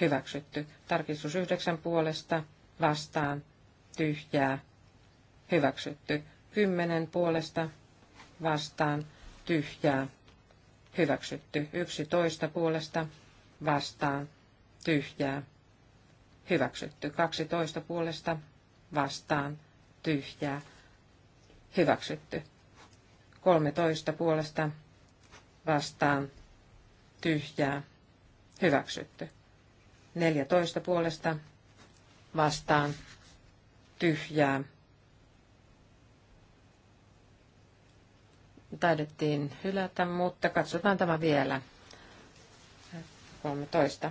hyväksytty. Tarkistus yhdeksän puolesta vastaan tyhjää hyväksytty. Kymmenen puolesta vastaan tyhjää hyväksytty. Yksitoista puolesta vastaan, tyhjää, hyväksytty. 12 puolesta vastaan, tyhjää, hyväksytty. 13 puolesta vastaan, tyhjää, hyväksytty. 14 puolesta vastaan, tyhjää. Taidettiin hylätä, mutta katsotaan tämä vielä. 13.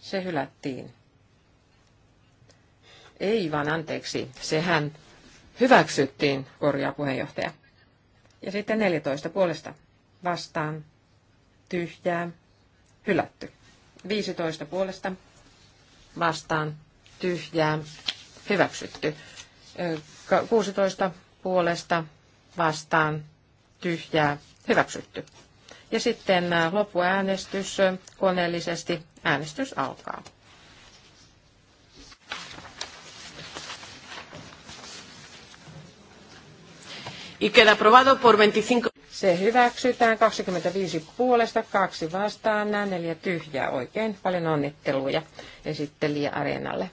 Se hylättiin. Ei vaan anteeksi, sehän hyväksyttiin, korjaa puheenjohtaja. Ja sitten 14 puolesta vastaan tyhjää, hylätty. 15 puolesta vastaan tyhjää, hyväksytty. 16 puolesta vastaan tyhjää hyväksytty. Ja sitten äh, loppuäänestys äh, koneellisesti. Äänestys alkaa. Y queda aprobado por 25. Se hyväksytään 25 puolesta, kaksi vastaan, neljä tyhjää. Oikein paljon onnitteluja esittelijä Areenalle.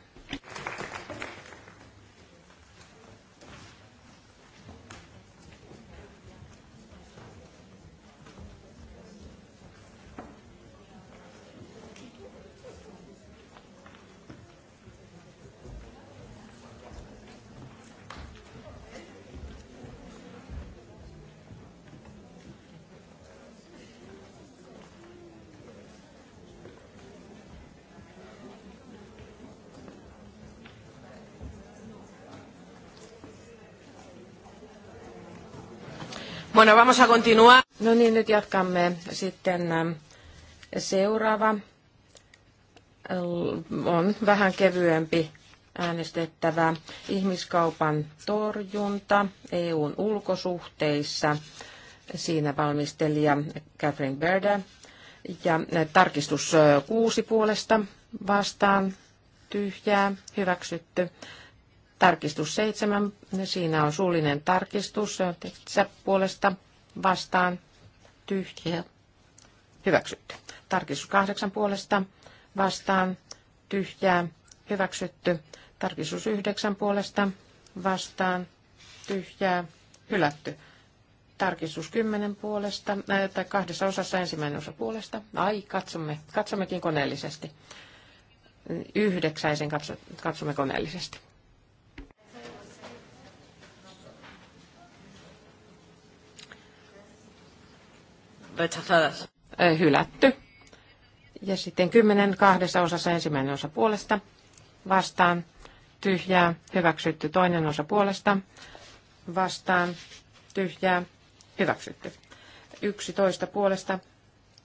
Bueno, vamos a continuar. No niin, nyt jatkamme sitten ähm, seuraava. On vähän kevyempi äänestettävä ihmiskaupan torjunta EUn ulkosuhteissa. Siinä valmistelija Catherine Berda. Ja äh, tarkistus äh, kuusi puolesta vastaan tyhjää, hyväksytty. Tarkistus seitsemän, siinä on suullinen tarkistus Se puolesta vastaan tyhjä hyväksytty. Tarkistus kahdeksan puolesta vastaan tyhjää hyväksytty. Tarkistus yhdeksän puolesta vastaan tyhjää hylätty. Tarkistus kymmenen puolesta, äh, tai kahdessa osassa ensimmäinen osa puolesta. Ai, katsomme, katsommekin koneellisesti. Yhdeksäisen katso, katsomme koneellisesti.
rechazadas.
Hylätty. Ja sitten kymmenen kahdessa osassa ensimmäinen osa puolesta vastaan tyhjää, hyväksytty toinen osa puolesta vastaan tyhjää, hyväksytty. toista puolesta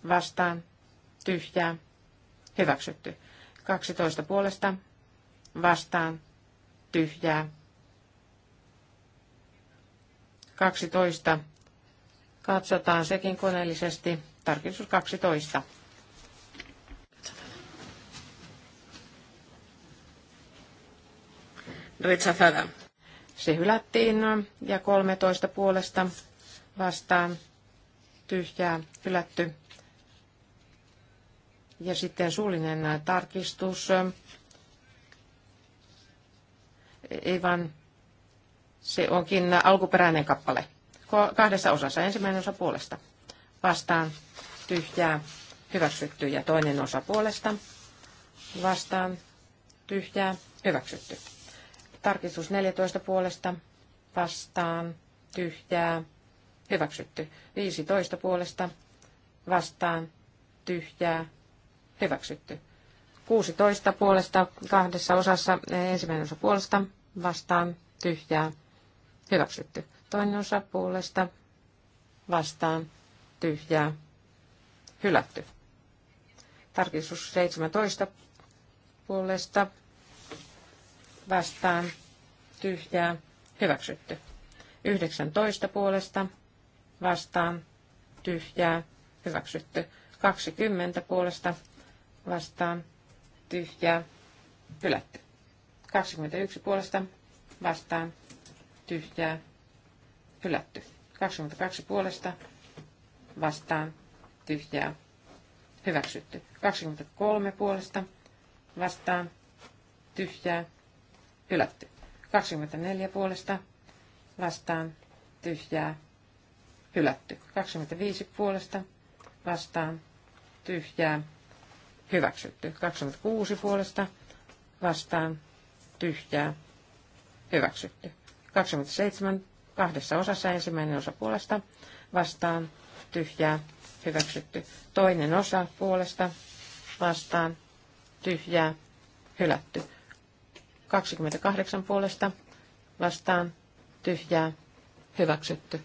vastaan tyhjää, hyväksytty. toista puolesta vastaan tyhjää, 12 Katsotaan sekin koneellisesti. Tarkistus 12. Rechazada. Se hylättiin ja 13 puolesta vastaan tyhjää hylätty. Ja sitten suullinen tarkistus. Ei vaan se onkin alkuperäinen kappale kahdessa osassa. Ensimmäinen osa puolesta vastaan tyhjää hyväksytty ja toinen osa puolesta vastaan tyhjää hyväksytty. Tarkistus 14 puolesta vastaan tyhjää hyväksytty. 15 puolesta vastaan tyhjää hyväksytty. 16 puolesta kahdessa osassa ensimmäinen osa puolesta vastaan tyhjää hyväksytty. Toinen osa puolesta vastaan tyhjää hylätty. Tarkistus 17 puolesta vastaan tyhjää hyväksytty. 19 puolesta vastaan tyhjää hyväksytty. 20 puolesta vastaan tyhjää hylätty. 21 puolesta vastaan tyhjää hylätty. 22 puolesta vastaan tyhjää hyväksytty. 23 puolesta vastaan tyhjää hylätty. 24 puolesta vastaan tyhjää hylätty. 25 puolesta vastaan tyhjää hyväksytty. 26 puolesta vastaan tyhjää hyväksytty. 27 kahdessa osassa. Ensimmäinen osa puolesta vastaan tyhjää hyväksytty. Toinen osa puolesta vastaan tyhjää hylätty. 28 puolesta vastaan tyhjää hyväksytty.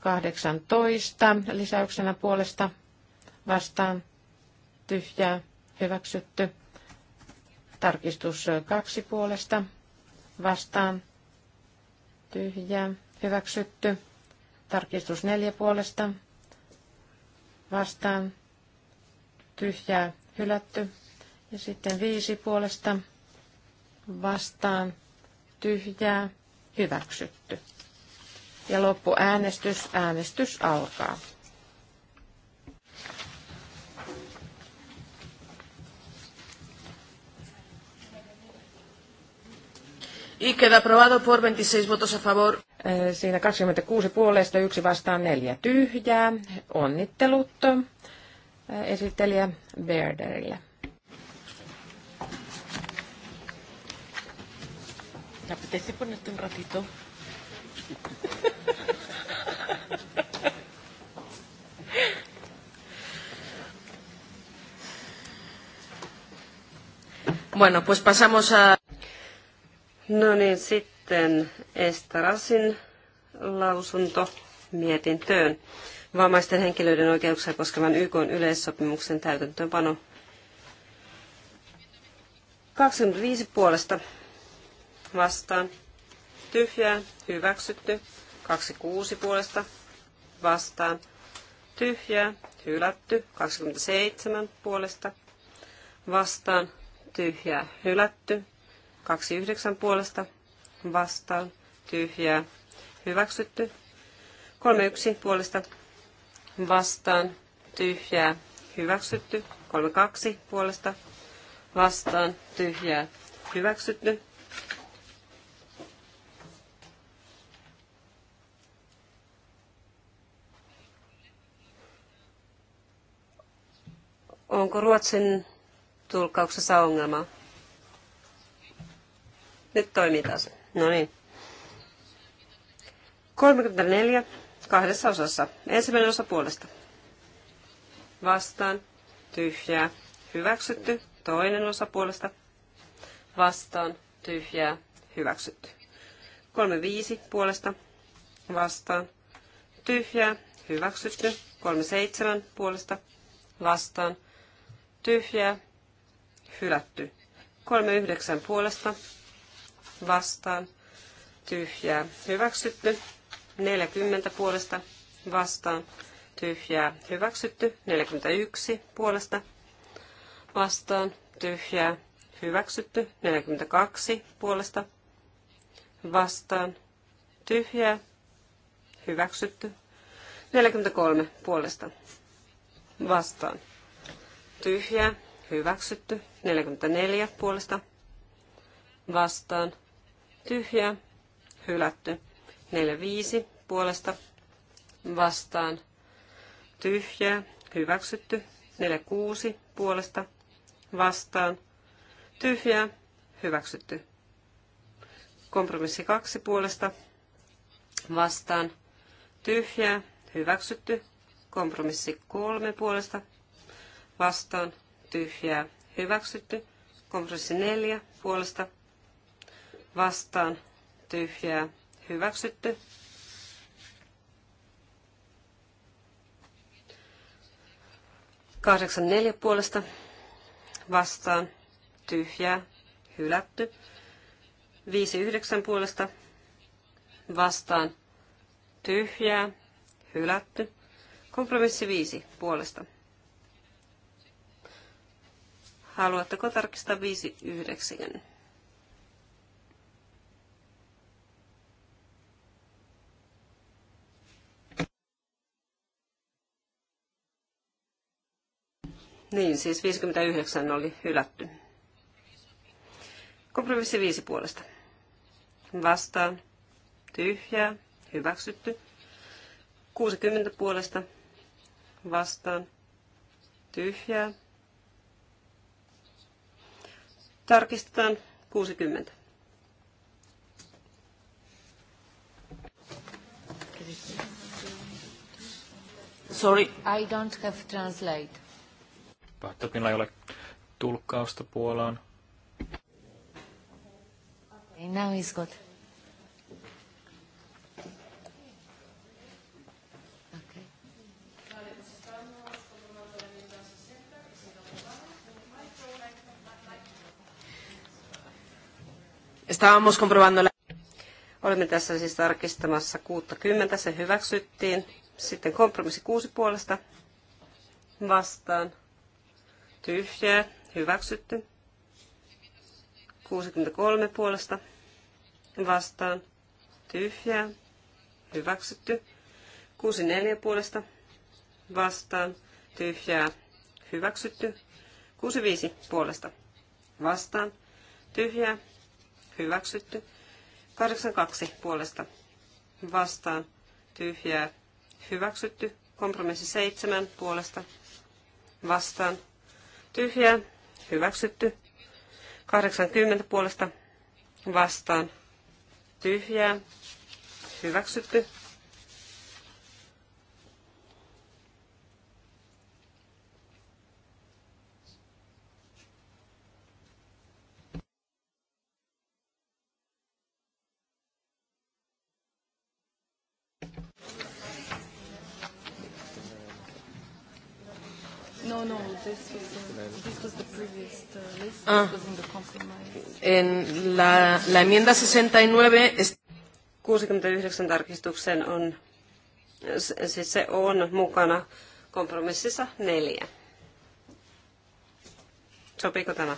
Kahdeksantoista lisäyksenä puolesta vastaan tyhjää hyväksytty. Tarkistus kaksi puolesta vastaan tyhjää hyväksytty. Tarkistus neljä puolesta vastaan tyhjää hylätty. Ja sitten viisi puolesta vastaan tyhjää hyväksytty. Ja loppuäänestys, äänestys alkaa. y queda aprobado por 26 votos a favor. Siinä 26 puolesta, yksi vastaan, neljä tyhjää. Onnittelut esittelijä Berderille. ¿Te apetece ponerte un ratito? Bueno, pues pasamos a... No
niin, sitten Estarasin lausunto mietintöön. Vammaisten henkilöiden oikeuksia koskevan YK yleissopimuksen täytäntöönpano 25 puolesta vastaan. Tyhjää, hyväksytty. 26 puolesta vastaan. Tyhjää, hylätty. 27 puolesta vastaan. Tyhjää, hylätty. 29 puolesta vastaan tyhjää hyväksytty. 31 puolesta vastaan tyhjää hyväksytty. 32 puolesta vastaan tyhjää hyväksytty. Onko Ruotsin tulkauksessa ongelmaa? Nyt toimii taas. No niin. 34 kahdessa osassa. Ensimmäinen osa puolesta. Vastaan. Tyhjää. Hyväksytty. Toinen osa puolesta. Vastaan. Tyhjää. Hyväksytty. 35 puolesta. Vastaan. Tyhjää. Hyväksytty. 37 puolesta. Vastaan. Tyhjää. Hylätty. 39 puolesta vastaan, tyhjää, hyväksytty. 40 puolesta vastaan, tyhjää, hyväksytty. 41 puolesta vastaan, tyhjää, hyväksytty. 42 puolesta vastaan, tyhjää, hyväksytty. 43 puolesta vastaan, tyhjää, hyväksytty. 44 puolesta vastaan, tyhjää, hylätty. 4-5 puolesta vastaan tyhjää, hyväksytty. 4-6 puolesta vastaan tyhjää, hyväksytty. Kompromissi 2 puolesta vastaan tyhjää, hyväksytty. Kompromissi 3 puolesta vastaan tyhjää, hyväksytty. Kompromissi 4 puolesta vastaan vastaan tyhjää hyväksytty. Kahdeksan neljä puolesta vastaan tyhjää hylätty. Viisi yhdeksän puolesta vastaan tyhjää hylätty. Kompromissi viisi puolesta. Haluatteko tarkistaa viisi yhdeksän? Niin, siis 59 oli hylätty. Kompromissi 5 puolesta. Vastaan. Tyhjää. Hyväksytty. 60 puolesta. Vastaan. Tyhjää. Tarkistetaan 60.
Sorry.
I don't have translate.
Pahoittelut, ei ole tulkkausta Puolaan.
Okay, now is good.
Estábamos comprobando la... Olemme tässä siis tarkistamassa 60, se hyväksyttiin. Sitten kompromissi 6 puolesta vastaan tyhjää, hyväksytty. 63 puolesta vastaan, tyhjää, hyväksytty. 64 puolesta vastaan, tyhjää, hyväksytty. 65 puolesta vastaan, tyhjää, hyväksytty. 82 puolesta vastaan, tyhjää, hyväksytty. Kompromissi 7 puolesta vastaan, tyhjää, hyväksytty. 80 puolesta vastaan tyhjää, hyväksytty. La enmienda 69... 69 tarkistuksen on, siis se on mukana kompromississa neljä. Sopiiko tämä?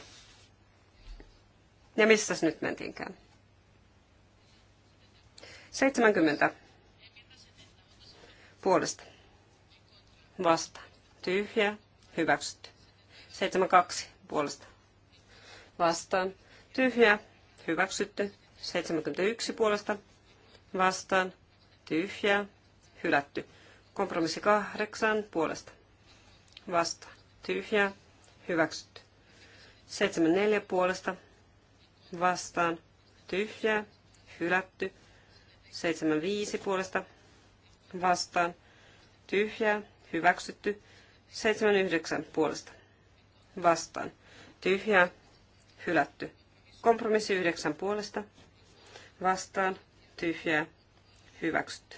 Ja missä nyt mentiinkään? 70 puolesta. Vasta. Tyhjä. Hyväksytty. 72 puolesta. Vastaan. Tyhjä hyväksytty. 71 puolesta vastaan, tyhjää, hylätty. Kompromissi 8 puolesta vastaan, tyhjää, hyväksytty. 74 puolesta vastaan, tyhjää, hylätty. 75 puolesta vastaan, tyhjää, hyväksytty. 79 puolesta vastaan, tyhjää, hylätty. Kompromissi yhdeksän puolesta. Vastaan. Tyhjää. Hyväksytty.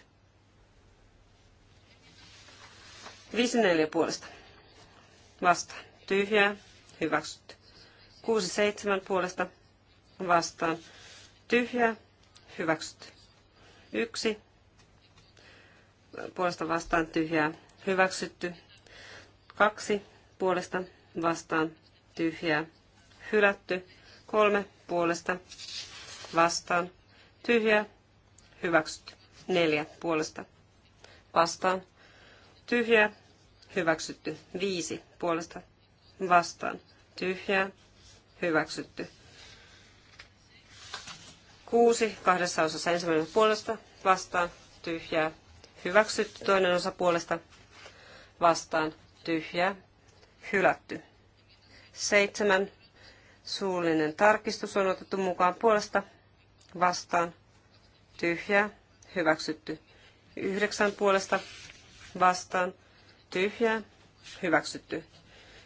neljä puolesta. Vastaan. Tyhjää. Hyväksytty. seitsemän puolesta. Vastaan. Tyhjää. Hyväksytty. Yksi Puolesta vastaan tyhjää. Hyväksytty. Kaksi Puolesta vastaan tyhjää. Hylätty. Kolme puolesta vastaan tyhjä hyväksytty. Neljä puolesta vastaan tyhjä hyväksytty. Viisi puolesta vastaan tyhjä hyväksytty. Kuusi kahdessa osassa ensimmäinen puolesta vastaan tyhjä hyväksytty. Toinen osa puolesta vastaan tyhjä hylätty. Seitsemän Suullinen tarkistus on otettu mukaan puolesta vastaan. tyhjä, Hyväksytty. Yhdeksän puolesta vastaan. tyhjä, Hyväksytty.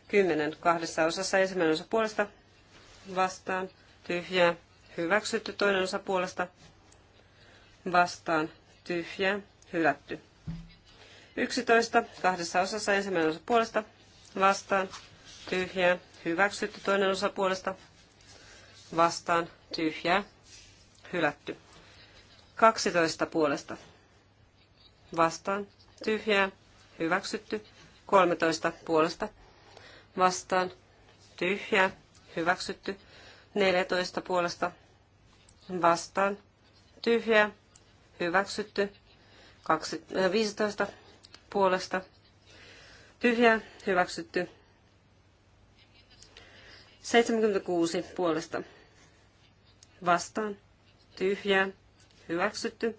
Kymmenen kahdessa osassa ensimmäinen osa puolesta vastaan. tyhjä, Hyväksytty toinen osa puolesta vastaan. Tyhjä, Hylätty. Yksitoista Kahdessa osassa ensimmäinen osa puolesta vastaan. tyhjä hyväksytty, toinen osa puolesta vastaan, tyhjää, hylätty. 12 puolesta vastaan, tyhjää, hyväksytty. 13 puolesta vastaan, tyhjää, hyväksytty. 14 puolesta vastaan, tyhjää, hyväksytty. 15 äh, puolesta tyhjää, hyväksytty. 76 puolesta vastaan, tyhjää, hyväksytty.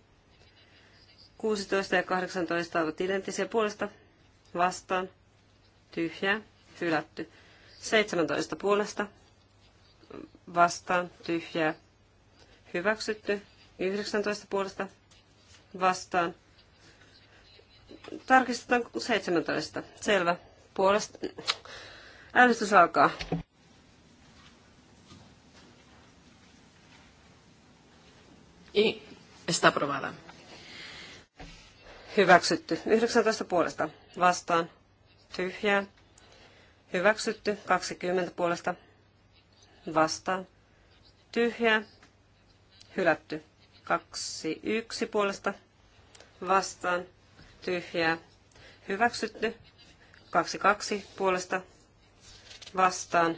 16 ja 18 ovat identtisiä puolesta vastaan, tyhjää, hylätty. 17 puolesta vastaan, tyhjää, hyväksytty. 19 puolesta vastaan. Tarkistetaan 17. Selvä. Puolesta. Äänestys alkaa.
Y está aprobada.
Hyväksytty. 19 puolesta vastaan. Tyhjää. Hyväksytty. 20 puolesta vastaan. Tyhjää. Hylätty. 21 puolesta vastaan. Tyhjää. Hyväksytty. 22 puolesta vastaan.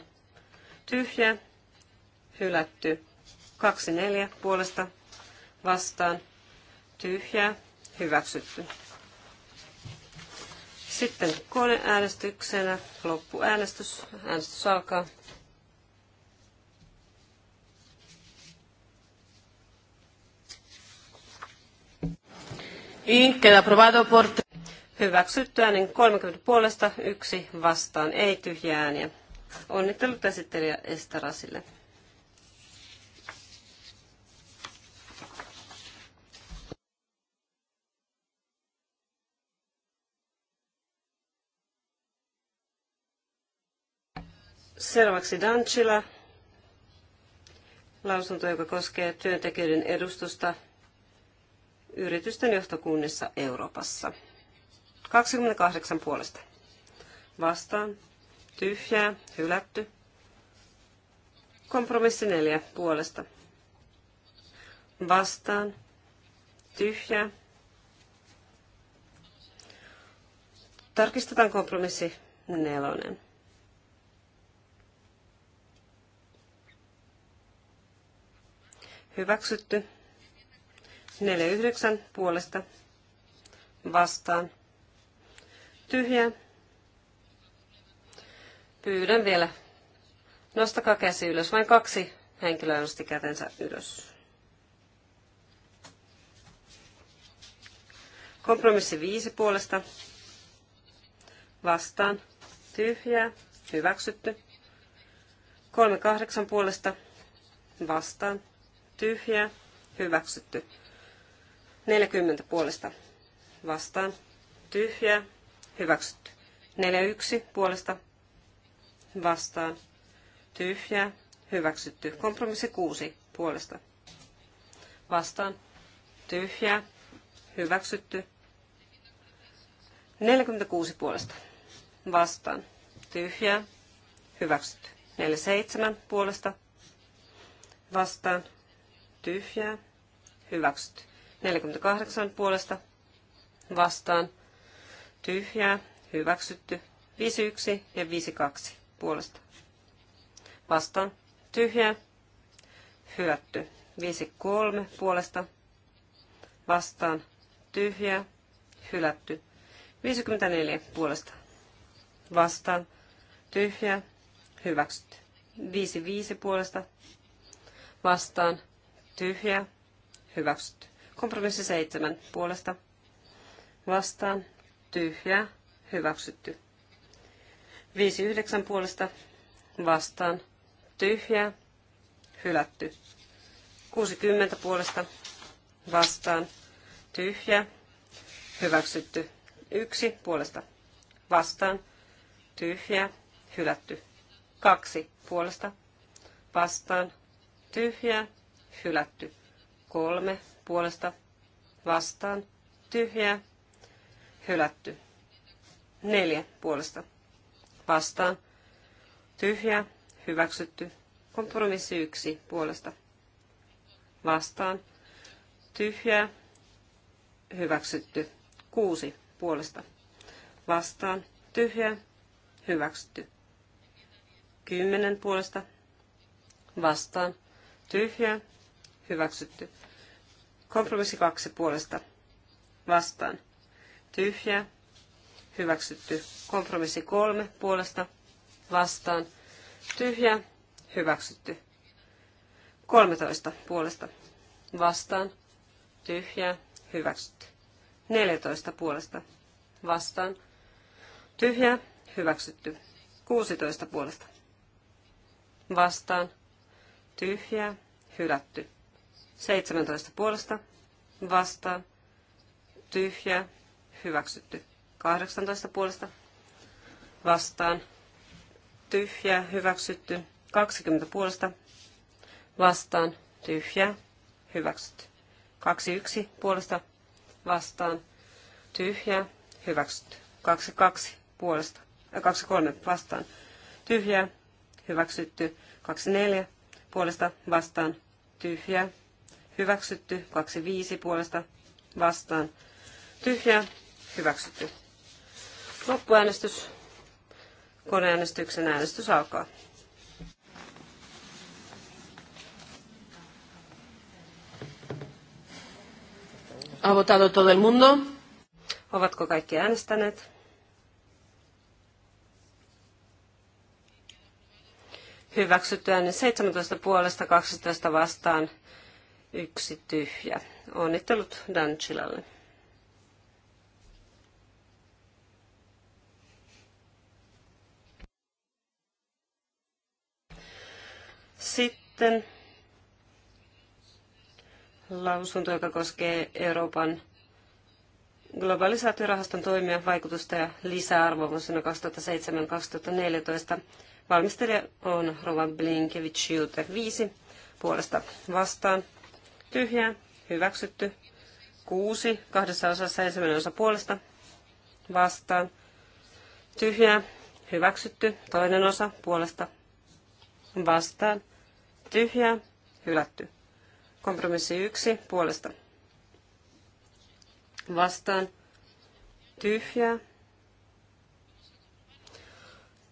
Tyhjää. Hylätty. 24 puolesta vastaan vastaan tyhjää hyväksytty. Sitten koneäänestyksenä loppuäänestys. Äänestys alkaa.
Y queda aprobado por...
Hyväksyttyä, niin 30 puolesta, yksi vastaan, ei tyhjää ääniä. Onnittelut esittelijä Estarasille. Seuraavaksi Dancila. Lausunto, joka koskee työntekijöiden edustusta yritysten johtokunnissa Euroopassa. 28 puolesta. Vastaan. Tyhjää. Hylätty. Kompromissi 4 puolesta. Vastaan. Tyhjää. Tarkistetaan kompromissi nelonen. hyväksytty. 49 puolesta vastaan tyhjää. Pyydän vielä. Nostakaa käsi ylös. Vain kaksi henkilöä nosti kätensä ylös. Kompromissi viisi puolesta. Vastaan. Tyhjää. Hyväksytty. 38 puolesta. Vastaan tyhjää, hyväksytty. 40 puolesta vastaan, tyhjää, hyväksytty. 41 puolesta vastaan, tyhjää, hyväksytty. Kompromissi 6 puolesta vastaan, tyhjää, hyväksytty. 46 puolesta vastaan, tyhjää, hyväksytty. 47 puolesta vastaan, tyhjää, Hyväksyt. 48 puolesta vastaan, tyhjää, hyväksytty. 51 ja 52 puolesta vastaan, tyhjää, Hyötty. 53 puolesta vastaan, tyhjää, hylätty. 54 puolesta vastaan, tyhjää, hyväksytty. 55 puolesta vastaan, tyhjä hyväksytty. Kompromissi seitsemän puolesta vastaan, tyhjä hyväksytty. viisi yhdeksän puolesta vastaan, tyhjä, hylätty. kymmentä puolesta vastaan, tyhjä, hyväksytty. Yksi puolesta vastaan, tyhjä, hylätty. Kaksi puolesta vastaan, tyhjä, hylätty. Kolme puolesta vastaan tyhjää hylätty. Neljä puolesta vastaan tyhjää hyväksytty. Kompromissi yksi puolesta vastaan tyhjää hyväksytty. Kuusi puolesta vastaan tyhjää hyväksytty. Kymmenen puolesta vastaan tyhjää hyväksytty. Kompromissi kaksi puolesta vastaan tyhjä, hyväksytty. Kompromissi kolme puolesta vastaan tyhjä, hyväksytty. 13 puolesta vastaan tyhjä, hyväksytty. 14 puolesta vastaan tyhjä, hyväksytty. 16 puolesta vastaan tyhjä, hylätty. 17 puolesta vastaan tyhjä hyväksytty. 18 puolesta vastaan tyhjä hyväksytty. 20 puolesta vastaan tyhjä hyväksytty. 21 puolesta vastaan tyhjä hyväksytty. 22 puolesta 23 äh, vastaan tyhjä hyväksytty. 24 puolesta vastaan tyhjä hyväksytty. 25 puolesta vastaan Tyhjä, hyväksytty. Loppuäänestys. Koneäänestyksen äänestys alkaa. Ha votado todo el mundo. Ovatko kaikki äänestäneet? Hyväksytty ääni 17 puolesta 12 vastaan yksi tyhjä. Onnittelut Danchilalle. Sitten lausunto, joka koskee Euroopan globalisaatiorahaston toimia, vaikutusta ja lisäarvoa vuosina 2007-2014. Valmistelija on Rova Blinkevich-Jute 5 puolesta vastaan tyhjää, hyväksytty. Kuusi, kahdessa osassa ensimmäinen osa puolesta, vastaan, tyhjää, hyväksytty. Toinen osa puolesta, vastaan, tyhjää, hylätty. Kompromissi yksi, puolesta, vastaan, tyhjää.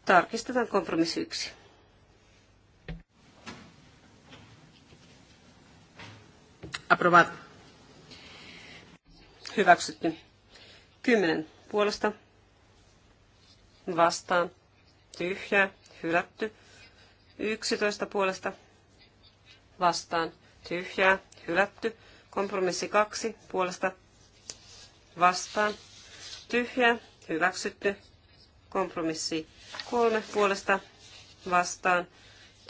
Tarkistetaan kompromissi yksi. Aprobado. Hyväksytty. Kymmenen puolesta. Vastaan. Tyhjää. Hylätty. Yksitoista puolesta. Vastaan. Tyhjää. Hylätty. Kompromissi kaksi puolesta. Vastaan. Tyhjää. Hyväksytty. Kompromissi kolme puolesta. Vastaan.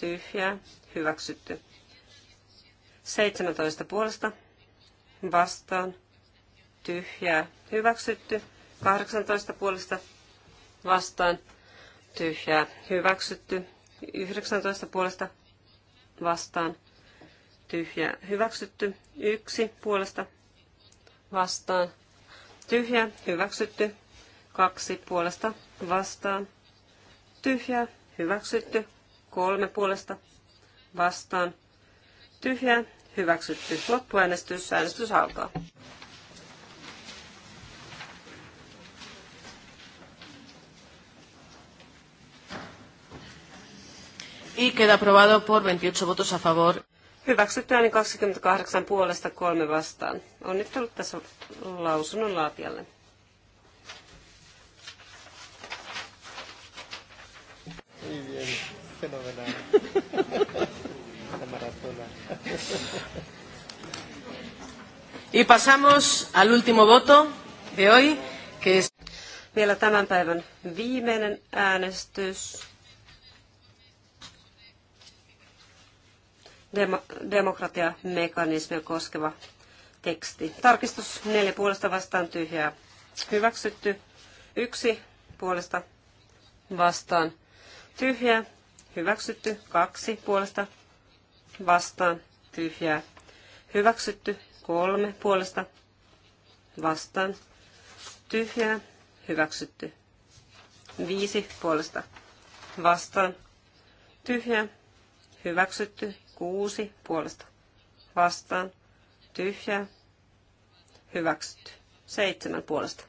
Tyhjää. Hyväksytty. 17 puolesta vastaan tyhjää hyväksytty. 18 puolesta vastaan tyhjää hyväksytty. 19 puolesta vastaan tyhjää hyväksytty. 1 puolesta vastaan tyhjää hyväksytty. 2 puolesta vastaan tyhjää hyväksytty. 3 puolesta vastaan Tyhjä. hyväksytty. Loppuäänestys, äänestys alkaa.
Y queda aprobado por 28 votos a favor.
Hyväksytty ääni 28 puolesta kolme vastaan. On nyt tullut tässä lausunnon laatijalle.
Muy
bien, *laughs* la maratona. Y pasamos al último voto de hoy, que es...
Vielä tämän päivän viimeinen äänestys. Demo- demokratiamekanismia koskeva teksti. Tarkistus neljä puolesta vastaan tyhjää. Hyväksytty. Yksi puolesta vastaan tyhjää. Hyväksytty. Kaksi puolesta vastaan, tyhjää, hyväksytty, kolme puolesta, vastaan, tyhjää, hyväksytty, viisi puolesta, vastaan, tyhjää, hyväksytty, kuusi puolesta, vastaan, tyhjää, hyväksytty, seitsemän puolesta,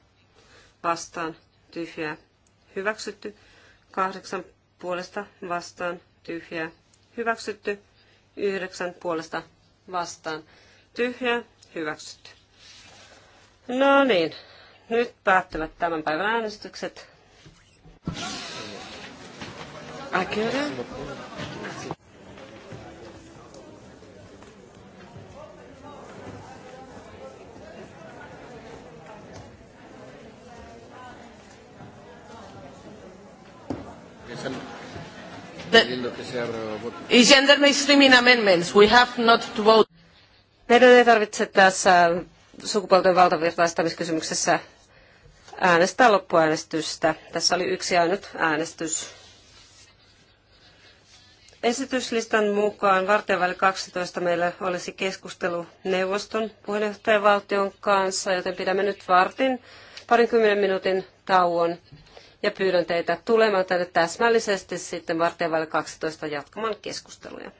vastaan, tyhjää, hyväksytty, kahdeksan puolesta, vastaan, tyhjää, hyväksytty, Yhdeksän puolesta vastaan. Tyhjä, hyväksytty. No niin, nyt päättyvät tämän päivän äänestykset. Akira.
December gender mainstreaming amendments, we have not to vote. Meidän ei tarvitse
tässä sukupuolten valtavirtaistamiskysymyksessä äänestää loppuäänestystä. Tässä oli yksi ainut äänestys. Esityslistan mukaan varten väli 12 meillä olisi keskustelu neuvoston puheenjohtajavaltion kanssa, joten pidämme nyt vartin parinkymmenen minuutin tauon ja pyydän teitä tulemaan tänne täsmällisesti sitten varten 12 jatkamaan keskusteluja.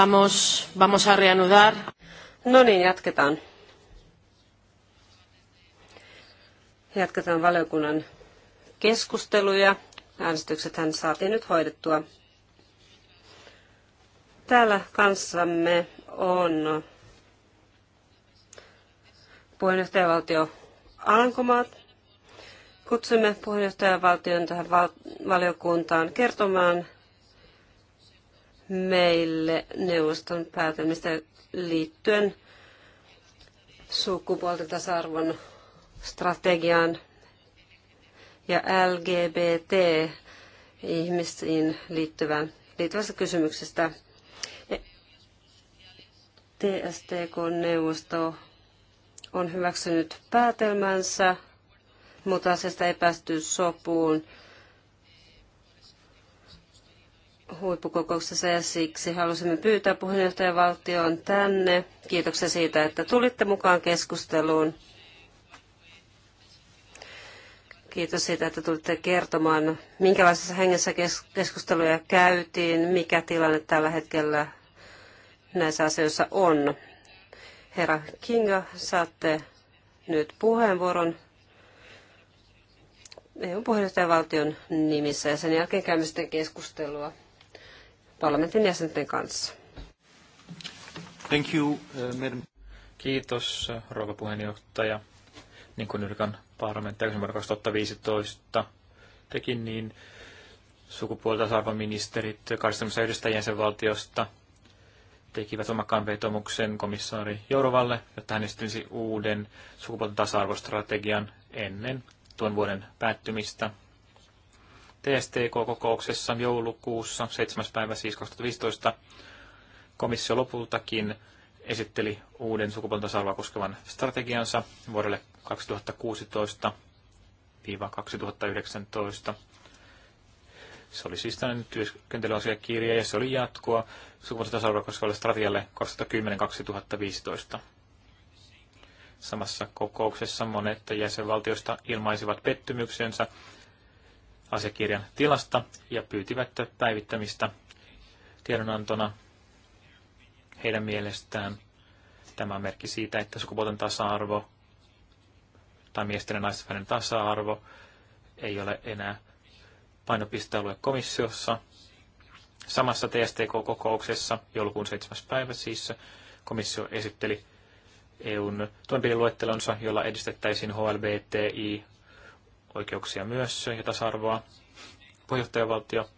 Vamos, vamos a reanudar. No niin, jatketaan. Jatketaan valiokunnan keskusteluja. Äänestykset hän saatiin nyt hoidettua. Täällä kanssamme on puheenjohtajavaltio Alankomaat. Kutsumme puheenjohtajavaltion tähän val- valiokuntaan kertomaan meille neuvoston päätelmistä liittyen sukupuolten tasa-arvon strategiaan ja LGBT-ihmisiin liittyvän liittyvästä kysymyksestä. TSTK-neuvosto on hyväksynyt päätelmänsä, mutta asiasta ei päästy sopuun huippukokouksessa ja siksi halusimme pyytää puheenjohtajavaltioon tänne. Kiitoksia siitä, että tulitte mukaan keskusteluun. Kiitos siitä, että tulitte kertomaan, minkälaisessa hengessä keskusteluja käytiin, mikä tilanne tällä hetkellä näissä asioissa on. Herra Kinga, saatte nyt puheenvuoron EU-puheenjohtajavaltion nimissä ja sen jälkeen käymme sitten keskustelua parlamentin jäsenten kanssa.
Thank you, uh, madam. Kiitos, uh, rouva puheenjohtaja. Niin kuin Yrkan parlamentti vuonna 2015 teki, niin sukupuolta saavaministerit 21 jäsenvaltiosta tekivät omakkaan vetomuksen komissaari Jourovalle, jotta hän esittelisi uuden sukupuolten tasa-arvostrategian ennen tuon vuoden päättymistä TSTK-kokouksessa joulukuussa 7. päivä siis 2015 komissio lopultakin esitteli uuden sukupuolta koskevan strategiansa vuodelle 2016-2019. Se oli siis tämmöinen työskentelyasiakirja ja se oli jatkoa sukupuolta tasa koskevalle strategialle 2010-2015. Samassa kokouksessa monet jäsenvaltioista ilmaisivat pettymyksensä asiakirjan tilasta ja pyytivät päivittämistä tiedonantona. Heidän mielestään tämä on merkki siitä, että sukupuolten tasa-arvo tai miesten ja naisten välinen tasa-arvo ei ole enää painopistealue komissiossa. Samassa TSTK-kokouksessa joulukuun 7. päivä siis komissio esitteli EUn toimenpideluettelonsa, jolla edistettäisiin HLBTI oikeuksia myös ja tasa-arvoa. Puheenjohtajavaltio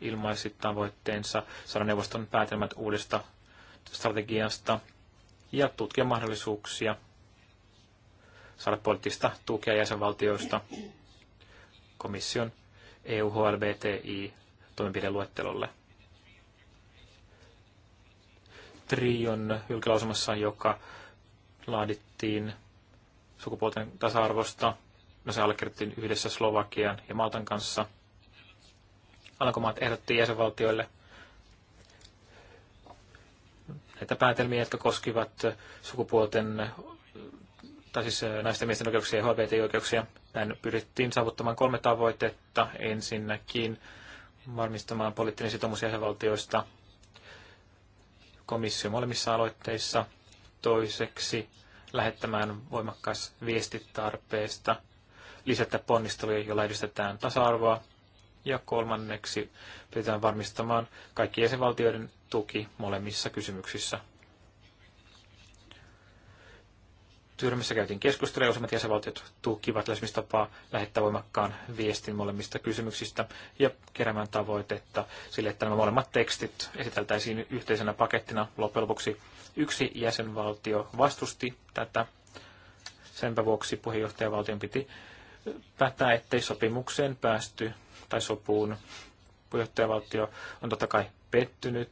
ilmaisi tavoitteensa saada neuvoston päätelmät uudesta strategiasta ja tutkia mahdollisuuksia saada poliittista tukea jäsenvaltioista komission EU-HLBTI-toimenpideluettelolle. Trion julkilausumassa, joka laadittiin sukupuolten tasa-arvosta No se allekirjoitettiin yhdessä Slovakian ja Maltan kanssa. Alankomaat ehdotti jäsenvaltioille näitä päätelmiä, jotka koskivat sukupuolten, tai siis äh, naisten miesten oikeuksia ja HBT-oikeuksia. Näin pyrittiin saavuttamaan kolme tavoitetta. Ensinnäkin varmistamaan poliittinen sitoumus jäsenvaltioista komissio molemmissa aloitteissa. Toiseksi lähettämään voimakkaas viestitarpeesta tarpeesta lisätä ponnisteluja, joilla edistetään tasa-arvoa. Ja kolmanneksi pyritään varmistamaan kaikki jäsenvaltioiden tuki molemmissa kysymyksissä. Työryhmässä käytiin keskustelua ja useimmat jäsenvaltiot tukivat lähestymistapaa lähettää voimakkaan viestin molemmista kysymyksistä ja keräämään tavoitetta sille, että nämä molemmat tekstit esiteltäisiin yhteisenä pakettina. Loppujen lopuksi yksi jäsenvaltio vastusti tätä. Senpä vuoksi puheenjohtajavaltion piti pätää, ettei sopimukseen päästy tai sopuun. Puheenjohtajavaltio on totta kai pettynyt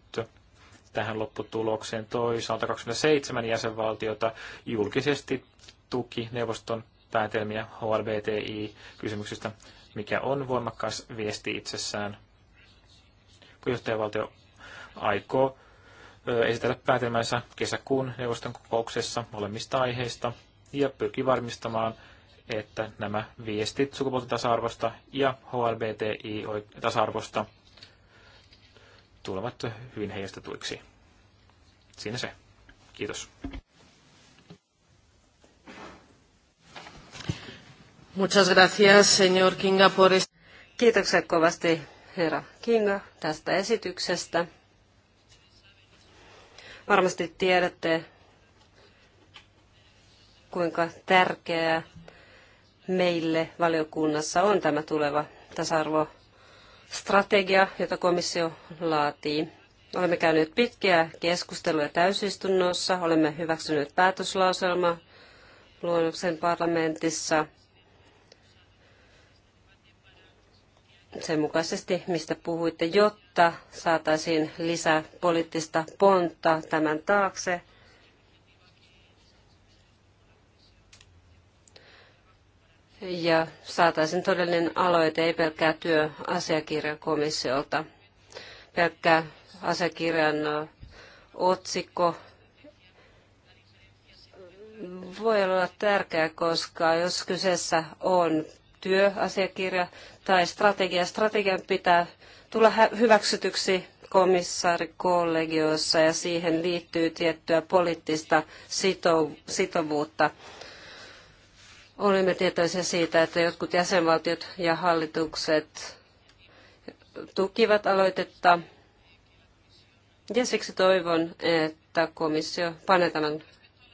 tähän lopputulokseen. Toisaalta 27 jäsenvaltiota julkisesti tuki neuvoston päätelmiä HLBTI-kysymyksistä, mikä on voimakkaas viesti itsessään. Puheenjohtajavaltio aikoo esitellä päätelmänsä kesäkuun neuvoston kokouksessa molemmista aiheista ja pyrkii varmistamaan, että nämä viestit sukupuolten tasa-arvosta ja HLBTI-tasa-arvosta tulevat hyvin heijastetuiksi. Siinä se. Kiitos.
Muchas gracias,
señor Kinga, por Kiitoksia kovasti, herra Kinga, tästä esityksestä. Varmasti tiedätte, kuinka tärkeää meille valiokunnassa on tämä tuleva tasa-arvostrategia, jota komissio laatii. Olemme käyneet pitkiä keskusteluja täysistunnossa, olemme hyväksyneet päätöslauselma luonnoksen parlamentissa sen mukaisesti, mistä puhuitte, jotta saataisiin lisää poliittista pontta tämän taakse ja saataisiin todellinen aloite, ei pelkkää työasiakirja komissiolta. Pelkkää asiakirjan otsikko voi olla tärkeä, koska jos kyseessä on työasiakirja tai strategia, strategian pitää tulla hyväksytyksi komissaarikollegiossa ja siihen liittyy tiettyä poliittista sitovuutta olimme tietoisia siitä, että jotkut jäsenvaltiot ja hallitukset tukivat aloitetta. Ja siksi toivon, että komissio panee tämän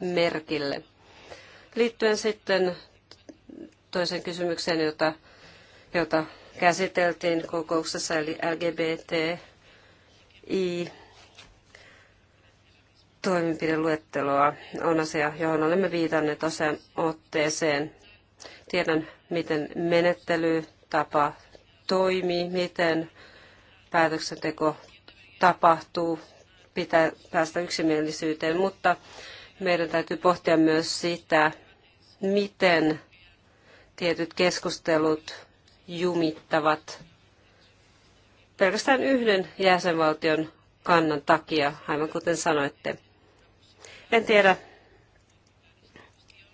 merkille. Liittyen sitten toiseen kysymykseen, jota, jota käsiteltiin kokouksessa, eli LGBTI toimenpideluetteloa on asia, johon olemme viitanneet osan otteeseen. Tiedän, miten menettelytapa toimii, miten päätöksenteko tapahtuu, pitää päästä yksimielisyyteen, mutta meidän täytyy pohtia myös sitä, miten tietyt keskustelut jumittavat pelkästään yhden jäsenvaltion kannan takia, aivan kuten sanoitte. En tiedä,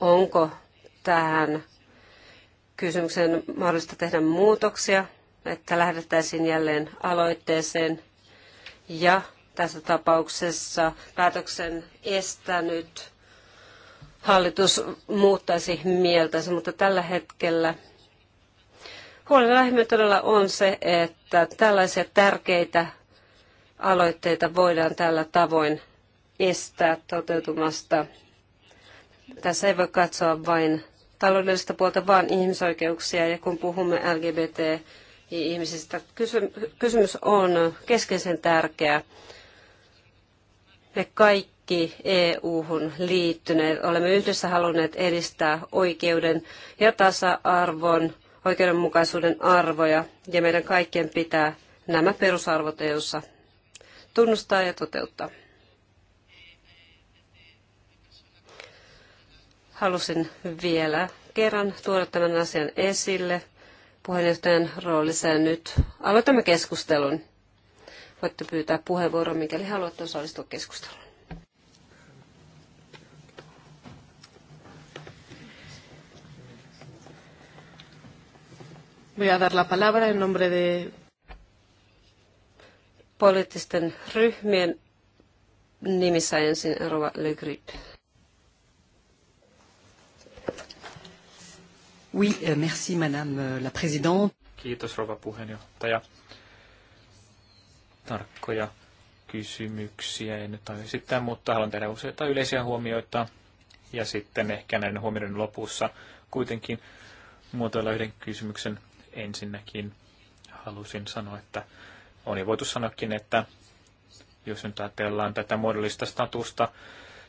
onko tähän kysymykseen mahdollista tehdä muutoksia, että lähdettäisiin jälleen aloitteeseen ja tässä tapauksessa päätöksen estänyt hallitus muuttaisi mieltänsä, mutta tällä hetkellä huolenaihe todella on se, että tällaisia tärkeitä aloitteita voidaan tällä tavoin estää toteutumasta. Tässä ei voi katsoa vain taloudellista puolta, vaan ihmisoikeuksia. Ja kun puhumme LGBT-ihmisistä, kysymys on keskeisen tärkeä. Me kaikki EU-hun liittyneet olemme yhdessä halunneet edistää oikeuden ja tasa-arvon, oikeudenmukaisuuden arvoja, ja meidän kaikkien pitää nämä perusarvot EUssa tunnustaa ja toteuttaa. Halusin vielä kerran tuoda tämän asian esille puheenjohtajan roolissa ja nyt aloitamme keskustelun. Voitte pyytää puheenvuoron, mikäli haluatte osallistua keskusteluun.
Voy a dar la palabra en nombre de poliittisten
ryhmien nimissä ensin Rova Le Grip. Oui, euh, merci madame euh, la présidente.
Kiitos rouva puheenjohtaja. Tarkkoja kysymyksiä en nyt aio esittää, mutta haluan tehdä useita yleisiä huomioita. Ja sitten ehkä näiden huomioiden lopussa kuitenkin muotoilla yhden kysymyksen ensinnäkin. Halusin sanoa, että on jo voitu sanoakin, että jos nyt ajatellaan tätä muodollista statusta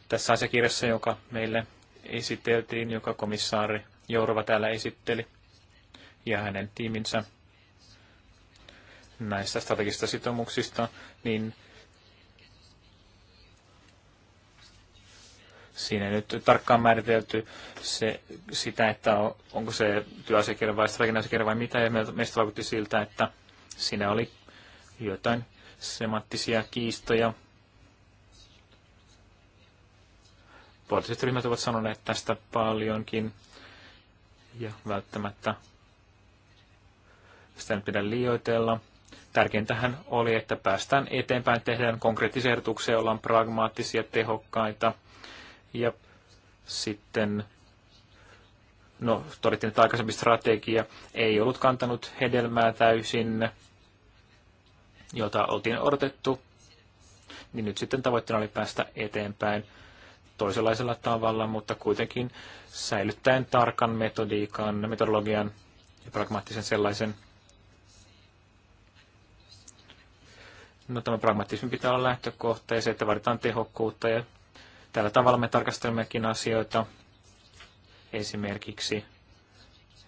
tässä asiakirjassa, joka meille esiteltiin, joka komissaari Jourova täällä esitteli ja hänen tiiminsä näistä strategisista sitoumuksista, niin siinä ei nyt tarkkaan määritelty se, sitä, että onko se työasiakirja vai strateginen asiakirja vai mitä, ja meistä vaikutti siltä, että siinä oli jotain semanttisia kiistoja. Poliittiset ryhmät ovat sanoneet tästä paljonkin, ja välttämättä sitä nyt pidä liioitella. Tärkeintähän oli, että päästään eteenpäin, tehdään konkreettisia ehdotuksia, ollaan pragmaattisia, tehokkaita ja sitten no todettiin, että aikaisempi strategia ei ollut kantanut hedelmää täysin, jota oltiin odotettu, niin nyt sitten tavoitteena oli päästä eteenpäin toisenlaisella tavalla, mutta kuitenkin säilyttäen tarkan metodiikan, metodologian ja pragmaattisen sellaisen. No, tämä pragmaattismi pitää olla lähtökohta ja se, että vaaditaan tehokkuutta ja tällä tavalla me tarkastelemmekin asioita esimerkiksi,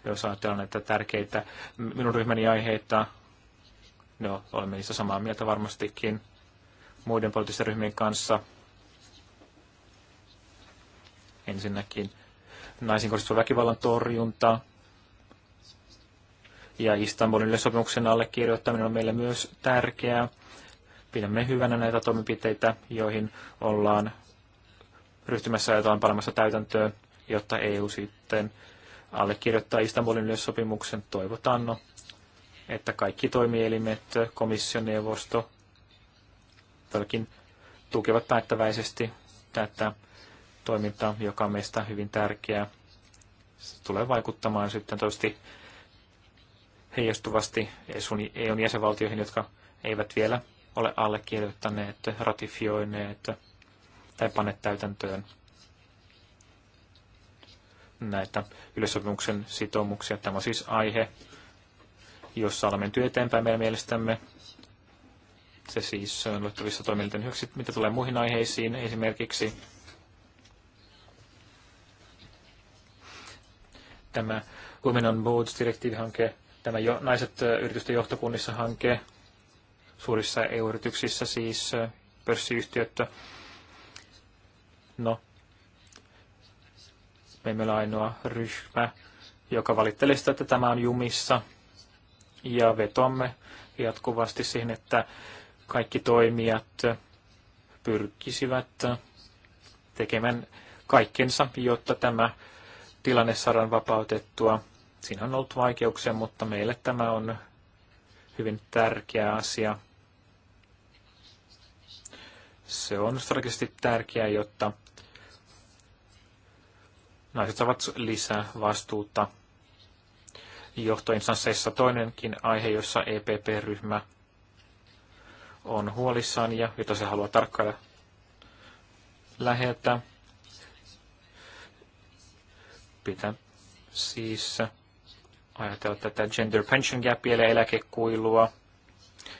jos ajatellaan näitä tärkeitä minun ryhmäni aiheita, no olemme niistä samaa mieltä varmastikin muiden poliittisten ryhmien kanssa – Ensinnäkin naisiin kohdistuvan väkivallan torjunta ja Istanbulin sopimuksen allekirjoittaminen on meille myös tärkeää. Pidämme hyvänä näitä toimenpiteitä, joihin ollaan ryhtymässä ja jotain panemassa täytäntöön, jotta EU sitten allekirjoittaa Istanbulin yleissopimuksen. Toivotaan, no, että kaikki toimielimet, komission neuvosto, tukevat päättäväisesti tätä toiminta, joka on meistä hyvin tärkeää. Se tulee vaikuttamaan sitten toivottavasti heijastuvasti EUn jäsenvaltioihin, jotka eivät vielä ole allekirjoittaneet, ratifioineet tai panneet täytäntöön näitä yleissopimuksen sitoumuksia. Tämä on siis aihe, jossa olemme menty eteenpäin meidän mielestämme. Se siis on luettavissa toimielinten mitä tulee muihin aiheisiin, esimerkiksi tämä Women on Boards-direktiivihanke, tämä jo, naiset yritysten johtokunnissa hanke, suurissa EU-yrityksissä siis pörssiyhtiöt. No, me emme ole ainoa ryhmä, joka valittelee sitä, että tämä on jumissa. Ja vetomme jatkuvasti siihen, että kaikki toimijat pyrkisivät tekemään kaikkensa, jotta tämä tilanne saadaan vapautettua. Siinä on ollut vaikeuksia, mutta meille tämä on hyvin tärkeä asia. Se on strategisesti tärkeää, jotta naiset saavat lisää vastuuta johtoinstansseissa. Toinenkin aihe, jossa EPP-ryhmä on huolissaan ja jota se haluaa tarkkailla läheltä, pitää siis ajatella tätä gender pension gapia eli eläkekuilua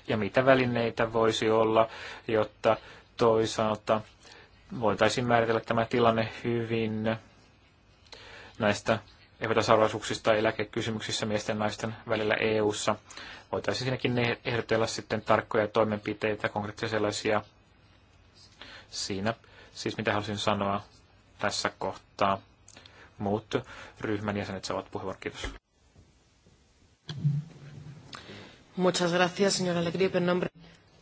ja mitä välineitä voisi olla, jotta toisaalta voitaisiin määritellä tämä tilanne hyvin näistä epätasa-arvoisuuksista eläkekysymyksissä miesten ja naisten välillä EU-ssa. Voitaisiin siinäkin ehdotella sitten tarkkoja toimenpiteitä, konkreettisia sellaisia siinä. Siis mitä halusin sanoa tässä kohtaa muut ryhmän jäsenet saavat puheenvuoron. Kiitos.
Muchas gracias, señora Legrip, en nombre...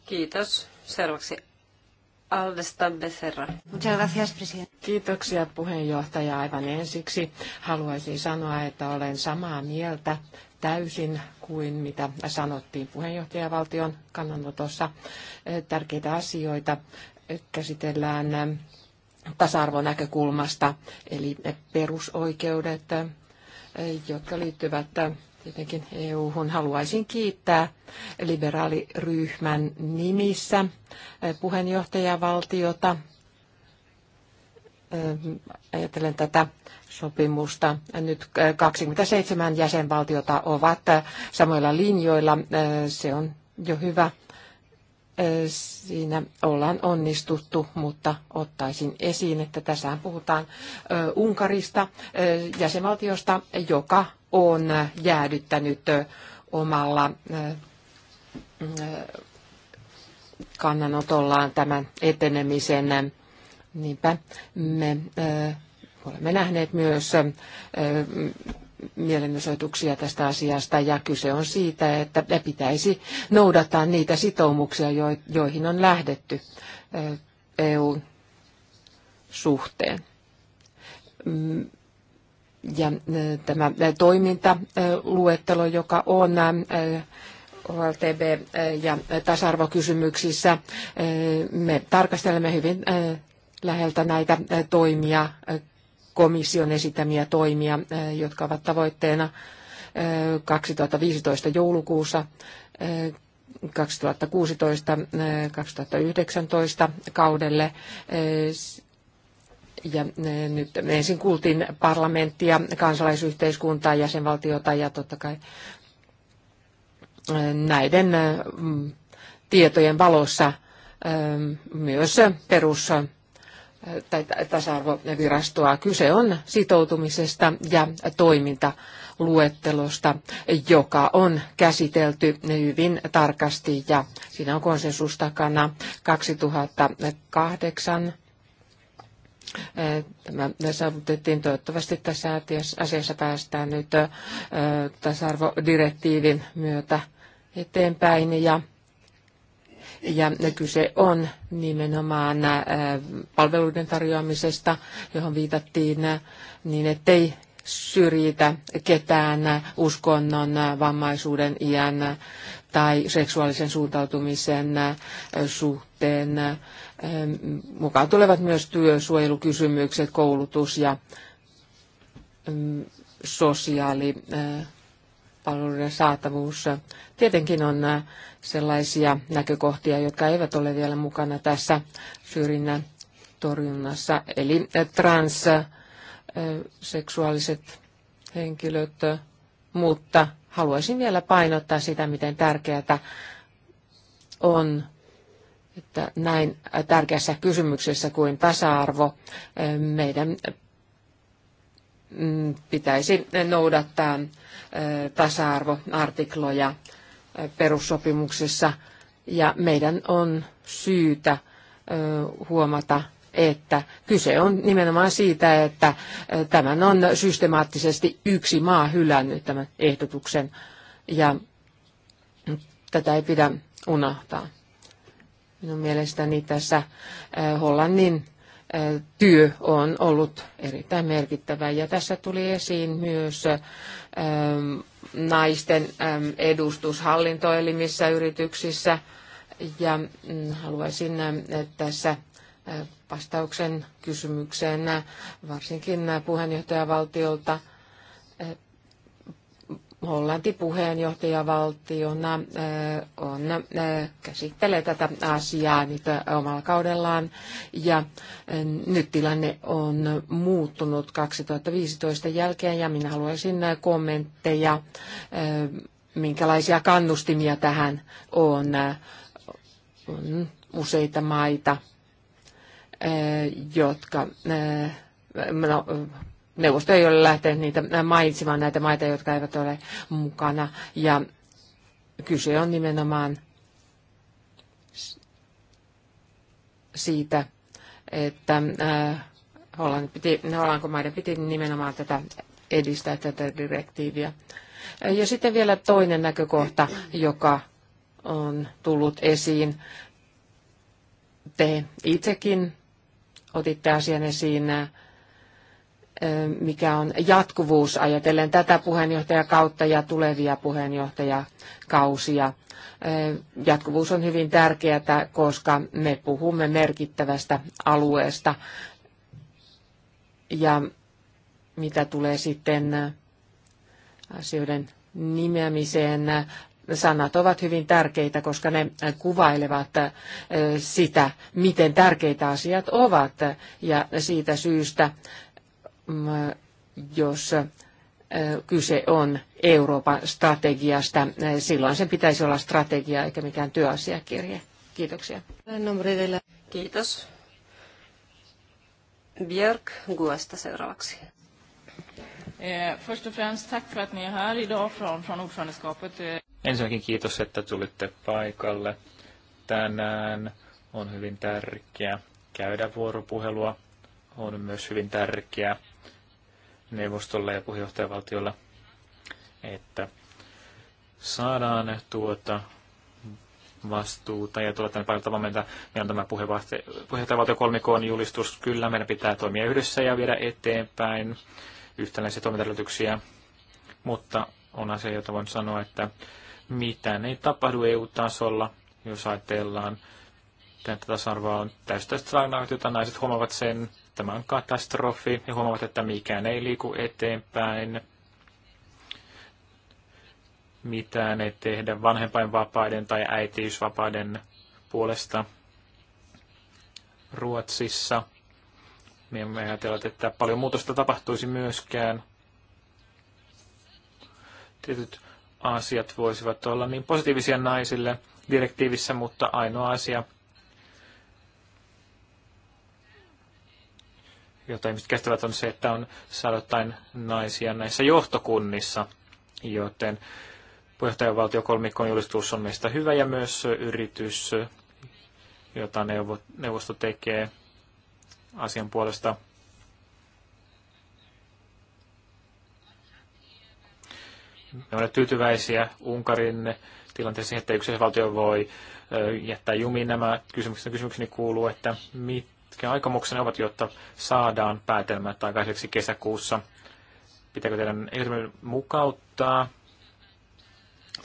Kiitos. Seuraavaksi Aldesta Becerra. Muchas gracias, presidente. Kiitoksia puheenjohtaja. Aivan ensiksi haluaisin sanoa, että olen samaa mieltä täysin kuin mitä sanottiin puheenjohtajavaltion kannanotossa. Tärkeitä asioita käsitellään tasa-arvonäkökulmasta, eli perusoikeudet, jotka liittyvät tietenkin EU-hun. Haluaisin kiittää liberaaliryhmän nimissä puheenjohtajavaltiota. Ajattelen tätä sopimusta. Nyt 27 jäsenvaltiota ovat samoilla linjoilla. Se on jo hyvä siinä ollaan onnistuttu, mutta ottaisin esiin, että tässä puhutaan Unkarista, jäsenvaltiosta, joka on jäädyttänyt omalla kannanotollaan tämän etenemisen. Niinpä me olemme nähneet myös mielenosoituksia tästä asiasta ja kyse on siitä, että pitäisi noudattaa niitä sitoumuksia, joihin on lähdetty eu eh, e suhteen. Mm, ja eh, tämä toimintaluettelo, joka on eh, OLTB ja tasa-arvokysymyksissä, me tarkastelemme hyvin läheltä näitä toimia komission esittämiä toimia, jotka ovat tavoitteena 2015 joulukuussa 2016-2019 kaudelle. Ja nyt ensin kuultiin parlamenttia, kansalaisyhteiskuntaa, jäsenvaltiota ja totta kai näiden tietojen valossa myös perus tai tasa-arvovirastoa. Kyse on sitoutumisesta ja toimintaluettelosta, joka on käsitelty hyvin tarkasti ja siinä on konsensus takana 2008 Tämä saavutettiin toivottavasti tässä asiassa päästään nyt tasa-arvodirektiivin myötä eteenpäin ja ja kyse on nimenomaan äh, palveluiden tarjoamisesta, johon viitattiin, äh, niin ettei syrjitä ketään uskonnon, äh, vammaisuuden, iän tai seksuaalisen suuntautumisen suhteen. Mukaan tulevat myös työsuojelukysymykset, koulutus ja mm, sosiaali palveluiden saatavuus. Tietenkin on äh, sellaisia näkökohtia, jotka eivät ole vielä mukana tässä syrjinnän äh, torjunnassa, eli äh, transseksuaaliset henkilöt, mutta haluaisin vielä painottaa sitä, miten tärkeää on, että näin tärkeässä kysymyksessä kuin tasa-arvo meidän Mm, pitäisi noudattaa tasa-arvoartikloja perussopimuksessa ja meidän on syytä huomata, että kyse on nimenomaan siitä, että tämän on systemaattisesti yksi maa hylännyt tämän ehdotuksen ja tätä ei pidä unohtaa. Minun mielestäni tässä Hollannin työ on ollut erittäin merkittävä. Ja tässä tuli esiin myös naisten edustus hallintoelimissä yrityksissä. Ja mm, haluaisin tässä vastauksen kysymykseen varsinkin puheenjohtajavaltiolta – Hollanti puheenjohtajavaltiona on, käsittelee tätä asiaa nyt omalla kaudellaan. Ja nyt tilanne on muuttunut 2015 jälkeen ja minä haluaisin kommentteja, minkälaisia kannustimia tähän on, on useita maita, jotka no, neuvosto ei ole lähtenyt niitä mainitsemaan näitä maita, jotka eivät ole mukana. Ja kyse on nimenomaan siitä, että äh, Hollannin piti, Hollankomaiden piti nimenomaan tätä edistää tätä direktiiviä. Ja sitten vielä toinen näkökohta, joka on tullut esiin. Te itsekin otitte asian esiin äh, mikä on jatkuvuus ajatellen tätä puheenjohtajakautta ja tulevia puheenjohtajakausia. Jatkuvuus on hyvin tärkeää, koska me puhumme merkittävästä alueesta. Ja mitä tulee sitten asioiden nimeämiseen, sanat ovat hyvin tärkeitä, koska ne kuvailevat sitä, miten tärkeitä asiat ovat. Ja siitä syystä jos kyse on Euroopan strategiasta. Silloin sen pitäisi olla strategia eikä mikään työasiakirja. Kiitoksia.
Kiitos. Björk Guasta seuraavaksi. Eh, först och främst tack för att ni är här idag från, från ordförandeskapet.
Ensinnäkin kiitos, että tulitte paikalle. Tänään on hyvin tärkeää käydä vuoropuhelua. On myös hyvin tärkeää neuvostolla ja puheenjohtajavaltiolla, että saadaan tuota vastuuta ja tuolla tänne paljon meiltä, meidän on tämä puheenjohtajavaltio kolmikoon julistus, kyllä meidän pitää toimia yhdessä ja viedä eteenpäin yhtäläisiä toimintaedellytyksiä, mutta on asia, jota voin sanoa, että mitään ei tapahdu EU-tasolla, jos ajatellaan, että tasa-arvoa on täystä stagnaatiota, naiset huomaavat sen, Tämä on katastrofi. He huomaavat, että mikään ei liiku eteenpäin. Mitään ei tehdä vanhempainvapaiden tai äitiysvapaiden puolesta Ruotsissa. Me emme ajatella, että paljon muutosta tapahtuisi myöskään. Tietyt asiat voisivat olla niin positiivisia naisille direktiivissä, mutta ainoa asia, jota ihmiset käsittävät, on se, että on sadoittain naisia näissä johtokunnissa, joten puheenjohtajavaltiokolmikon julistus on meistä hyvä ja myös yritys, jota neuvosto tekee asian puolesta. Me olemme tyytyväisiä Unkarin tilanteeseen, että yksi valtio voi jättää jumiin nämä kysymykset. Kysymykseni kuuluu, että mit, koskee aikomuksena ovat, jotta saadaan päätelmät aikaiseksi kesäkuussa. Pitääkö teidän ilmiön mukauttaa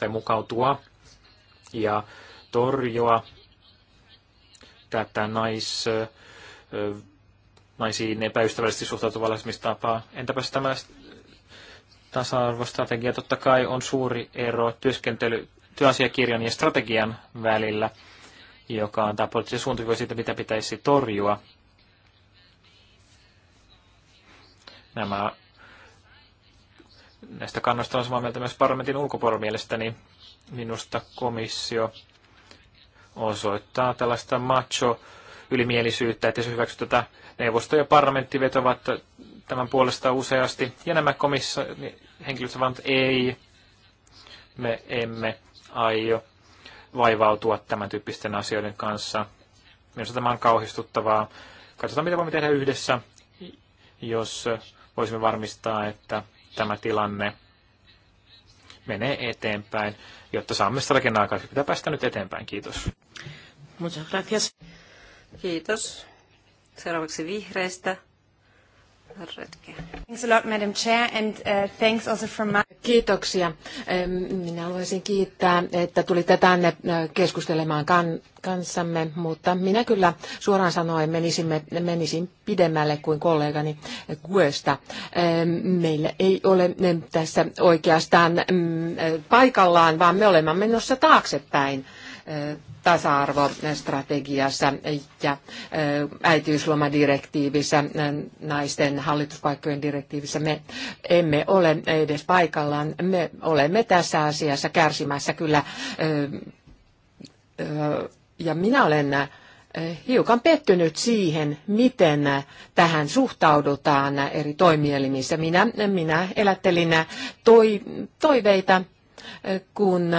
tai mukautua ja torjua tätä nais, naisiin epäystävällisesti suhtautuvaa lähestymistapaa. Entäpäs tämä tasa-arvostrategia? Totta kai on suuri ero työskentely, työasiakirjan ja strategian välillä – joka antaa poliittisia suuntaviivoja siitä, mitä pitäisi torjua. Nämä, näistä kannoista on samaa mieltä myös parlamentin ulkopuolella mielestäni. Minusta komissio osoittaa tällaista macho ylimielisyyttä, että se hyväksy tätä neuvosto ja parlamentti vetovat tämän puolesta useasti. Ja nämä komissio henkilöt sanovat, ei, me emme aio vaivautua tämän tyyppisten asioiden kanssa. Minusta tämä on kauhistuttavaa. Katsotaan, mitä voimme tehdä yhdessä, jos voisimme varmistaa, että tämä tilanne menee eteenpäin, jotta saamme strategian aikaa. Pitää päästä nyt eteenpäin. Kiitos.
Muchas gracias.
Kiitos. Seuraavaksi vihreistä.
Thanks a lot, Madam Chair, and uh, thanks also from my... Kiitoksia. Minä haluaisin kiittää, että tulitte tänne keskustelemaan kan- kanssamme, mutta minä kyllä suoraan sanoen menisimme, menisin pidemmälle kuin kollegani Guesta. Meillä ei ole tässä oikeastaan paikallaan, vaan me olemme menossa taaksepäin tasa-arvostrategiassa ja äitiyslomadirektiivissä, naisten hallituspaikkojen direktiivissä. Me emme ole edes paikallaan. Me olemme tässä asiassa kärsimässä kyllä. Ja minä olen hiukan pettynyt siihen, miten tähän suhtaudutaan eri toimielimissä. Minä, minä elättelin toi, toiveita, kun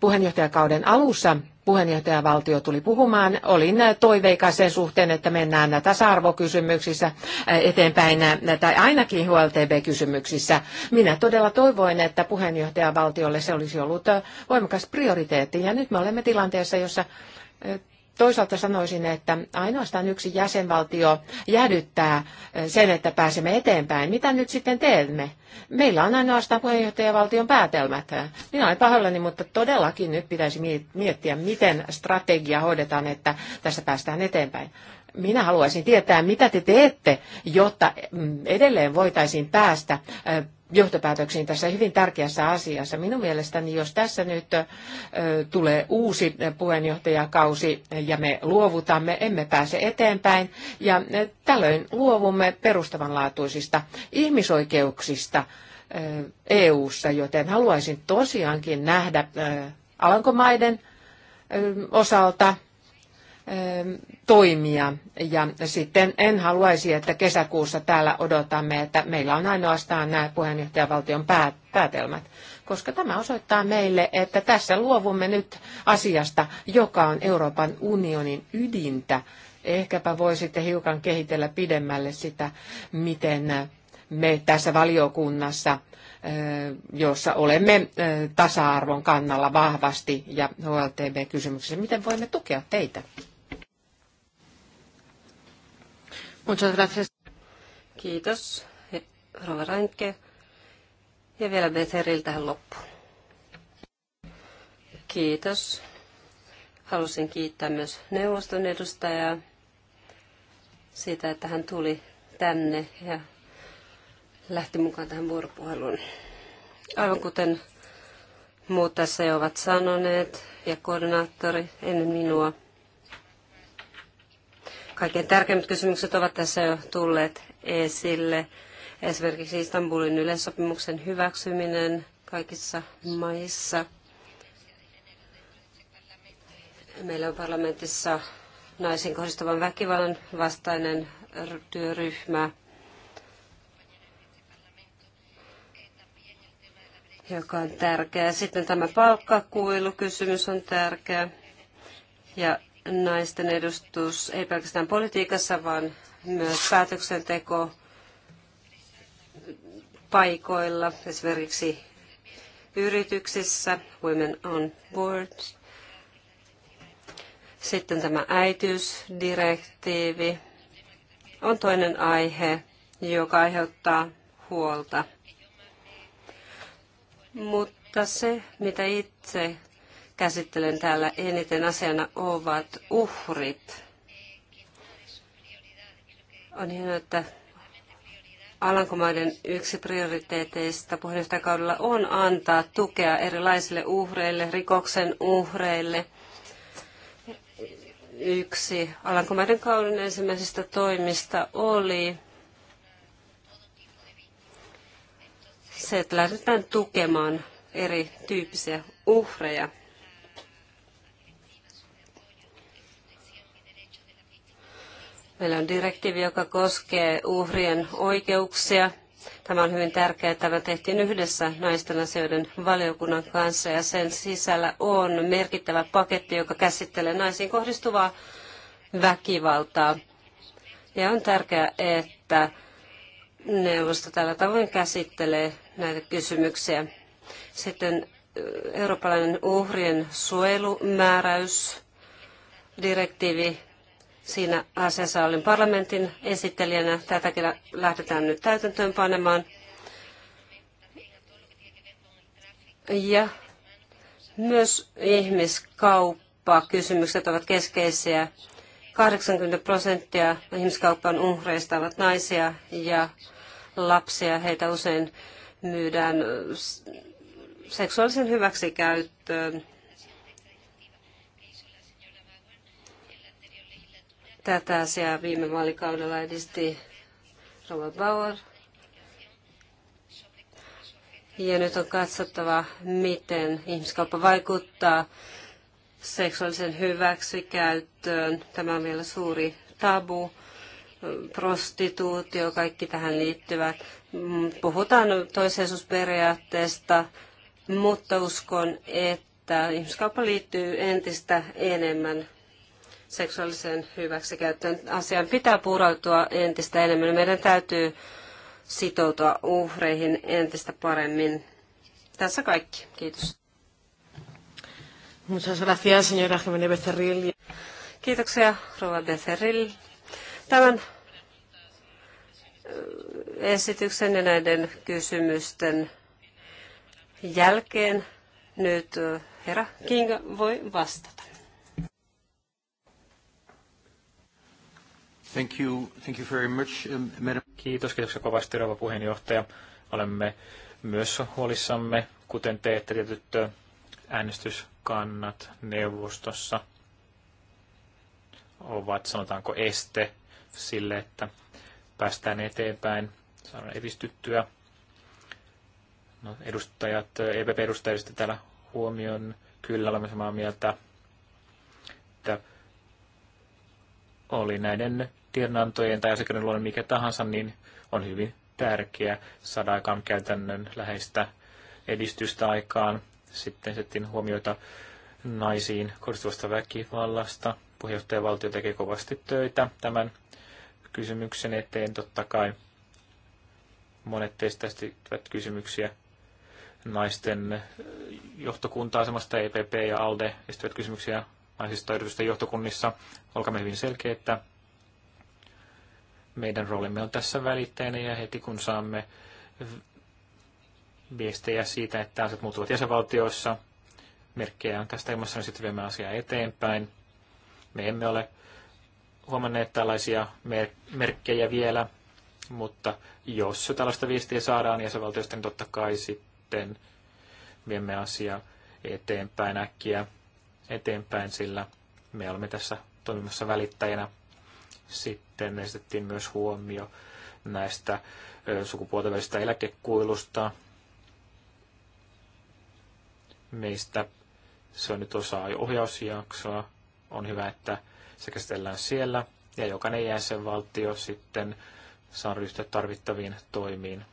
puheenjohtajakauden alussa puheenjohtajavaltio tuli puhumaan. Olin toiveikas sen suhteen, että mennään tasa-arvokysymyksissä äh, eteenpäin äh, tai ainakin HLTB-kysymyksissä. Minä todella toivoin, että puheenjohtajavaltiolle se olisi ollut äh, voimakas prioriteetti. Ja nyt me olemme tilanteessa, jossa Toisaalta sanoisin, että ainoastaan yksi jäsenvaltio jäädyttää sen, että pääsemme eteenpäin. Mitä nyt sitten teemme? Meillä on ainoastaan puheenjohtajavaltion päätelmät. Minä olen pahoillani, mutta todellakin nyt pitäisi miettiä, miten strategia hoidetaan, että tässä päästään eteenpäin. Minä haluaisin tietää, mitä te teette, jotta mm, edelleen voitaisiin päästä johtopäätöksiin tässä hyvin tärkeässä asiassa. Minun mielestäni, jos tässä nyt tulee uusi puheenjohtajakausi ja me luovutamme, emme pääse eteenpäin ja tällöin luovumme perustavanlaatuisista ihmisoikeuksista EU-ssa, joten haluaisin tosiaankin nähdä Alankomaiden osalta Ähm, toimia. Ja sitten en haluaisi, että kesäkuussa täällä odotamme, että meillä on ainoastaan nämä puheenjohtajavaltion päätelmät, koska tämä osoittaa meille, että tässä luovumme nyt asiasta, joka on Euroopan unionin ydintä. Ehkäpä voisitte hiukan kehitellä pidemmälle sitä, miten me tässä valiokunnassa äh, jossa olemme äh, tasa-arvon kannalla vahvasti ja HLTB-kysymyksessä. Miten voimme tukea teitä? Muchas gracias. Kiitos,
Rova Reinke. Ja vielä Betheriltä tähän loppuun. Kiitos. Halusin kiittää myös neuvoston edustajaa siitä, että hän tuli tänne ja lähti mukaan tähän vuoropuheluun. Aivan kuten muut tässä jo ovat sanoneet ja koordinaattori ennen minua, Kaikkein tärkeimmät kysymykset ovat tässä jo tulleet esille. Esimerkiksi Istanbulin yleissopimuksen hyväksyminen kaikissa maissa. Meillä on parlamentissa naisiin kohdistuvan väkivallan vastainen työryhmä, joka on tärkeä. Sitten tämä palkkakuilukysymys on tärkeä. Ja naisten edustus ei pelkästään politiikassa, vaan myös päätöksenteko paikoilla, esimerkiksi yrityksissä, Women on Board. Sitten tämä äitiysdirektiivi on toinen aihe, joka aiheuttaa huolta. Mutta se, mitä itse käsittelen täällä eniten asiana ovat uhrit. On hienoa, että Alankomaiden yksi prioriteeteista puheenjohtajakaudella on antaa tukea erilaisille uhreille, rikoksen uhreille. Yksi Alankomaiden kauden ensimmäisistä toimista oli se, että lähdetään tukemaan erityyppisiä uhreja. Meillä on direktiivi, joka koskee uhrien oikeuksia. Tämä on hyvin tärkeää. Tämä tehtiin yhdessä naisten asioiden valiokunnan kanssa ja sen sisällä on merkittävä paketti, joka käsittelee naisiin kohdistuvaa väkivaltaa. Ja on tärkeää, että neuvosto tällä tavoin käsittelee näitä kysymyksiä. Sitten eurooppalainen uhrien suojelumääräys, direktiivi Siinä asiassa olin parlamentin esittelijänä. Tätäkin lähdetään nyt täytäntöön panemaan. Ja myös ihmiskauppa kysymykset ovat keskeisiä. 80 prosenttia ihmiskauppan uhreista ovat naisia ja lapsia. Heitä usein myydään seksuaalisen hyväksikäyttöön Tätä asiaa viime vaalikaudella edisti Robert Bauer. Ja nyt on katsottava, miten ihmiskauppa vaikuttaa seksuaalisen hyväksikäyttöön. Tämä on vielä suuri tabu, prostituutio, kaikki tähän liittyvät. Puhutaan toiseisuusperiaatteesta, mutta uskon, että ihmiskauppa liittyy entistä enemmän seksuaaliseen hyväksikäyttöön. Asiaan pitää pureutua entistä enemmän. Meidän täytyy sitoutua uhreihin entistä paremmin. Tässä kaikki. Kiitos.
Muchas gracias, señora Jiménez Becerril. Kiitoksia, Rova
Becerril. Tämän esityksen ja näiden kysymysten jälkeen nyt herra Kinga voi vastata.
Thank you, thank you very much, um, madam. Kiitos, kiitoksia kovasti, rouva puheenjohtaja. Olemme myös huolissamme, kuten te, että tietyt äänestyskannat neuvostossa ovat, sanotaanko, este sille, että päästään eteenpäin, saadaan edistyttyä. No, edustajat, EPP-edustajista täällä huomioon, kyllä olemme samaa mieltä, että oli näiden tiedonantojen tai asiakirjan luonne mikä tahansa, niin on hyvin tärkeää saada aikaan käytännön läheistä edistystä aikaan. Sitten settiin huomioita naisiin kohdistuvasta väkivallasta. Puheenjohtajavaltio tekee kovasti töitä tämän kysymyksen eteen. Totta kai monet teistä esittävät kysymyksiä naisten johtokunta-asemasta, EPP ja ALDE esittävät kysymyksiä naisista yritysten johtokunnissa. Olkaamme hyvin selkeitä. Meidän roolimme on tässä välittäjänä ja heti kun saamme viestejä siitä, että asiat muuttuvat jäsenvaltioissa, merkkejä on tästä ilmassa, niin sitten viemme asiaa eteenpäin. Me emme ole huomanneet tällaisia mer- merkkejä vielä, mutta jos tällaista viestiä saadaan jäsenvaltioista, niin totta kai sitten viemme asiaa eteenpäin äkkiä eteenpäin, sillä me olemme tässä toimimassa välittäjänä. Sitten esitettiin myös huomio näistä sukupuolten välistä eläkekuilusta. Meistä se on nyt osa ohjausjaksoa. On hyvä, että se käsitellään siellä ja jokainen jäsenvaltio sitten saa ryhtyä tarvittaviin toimiin.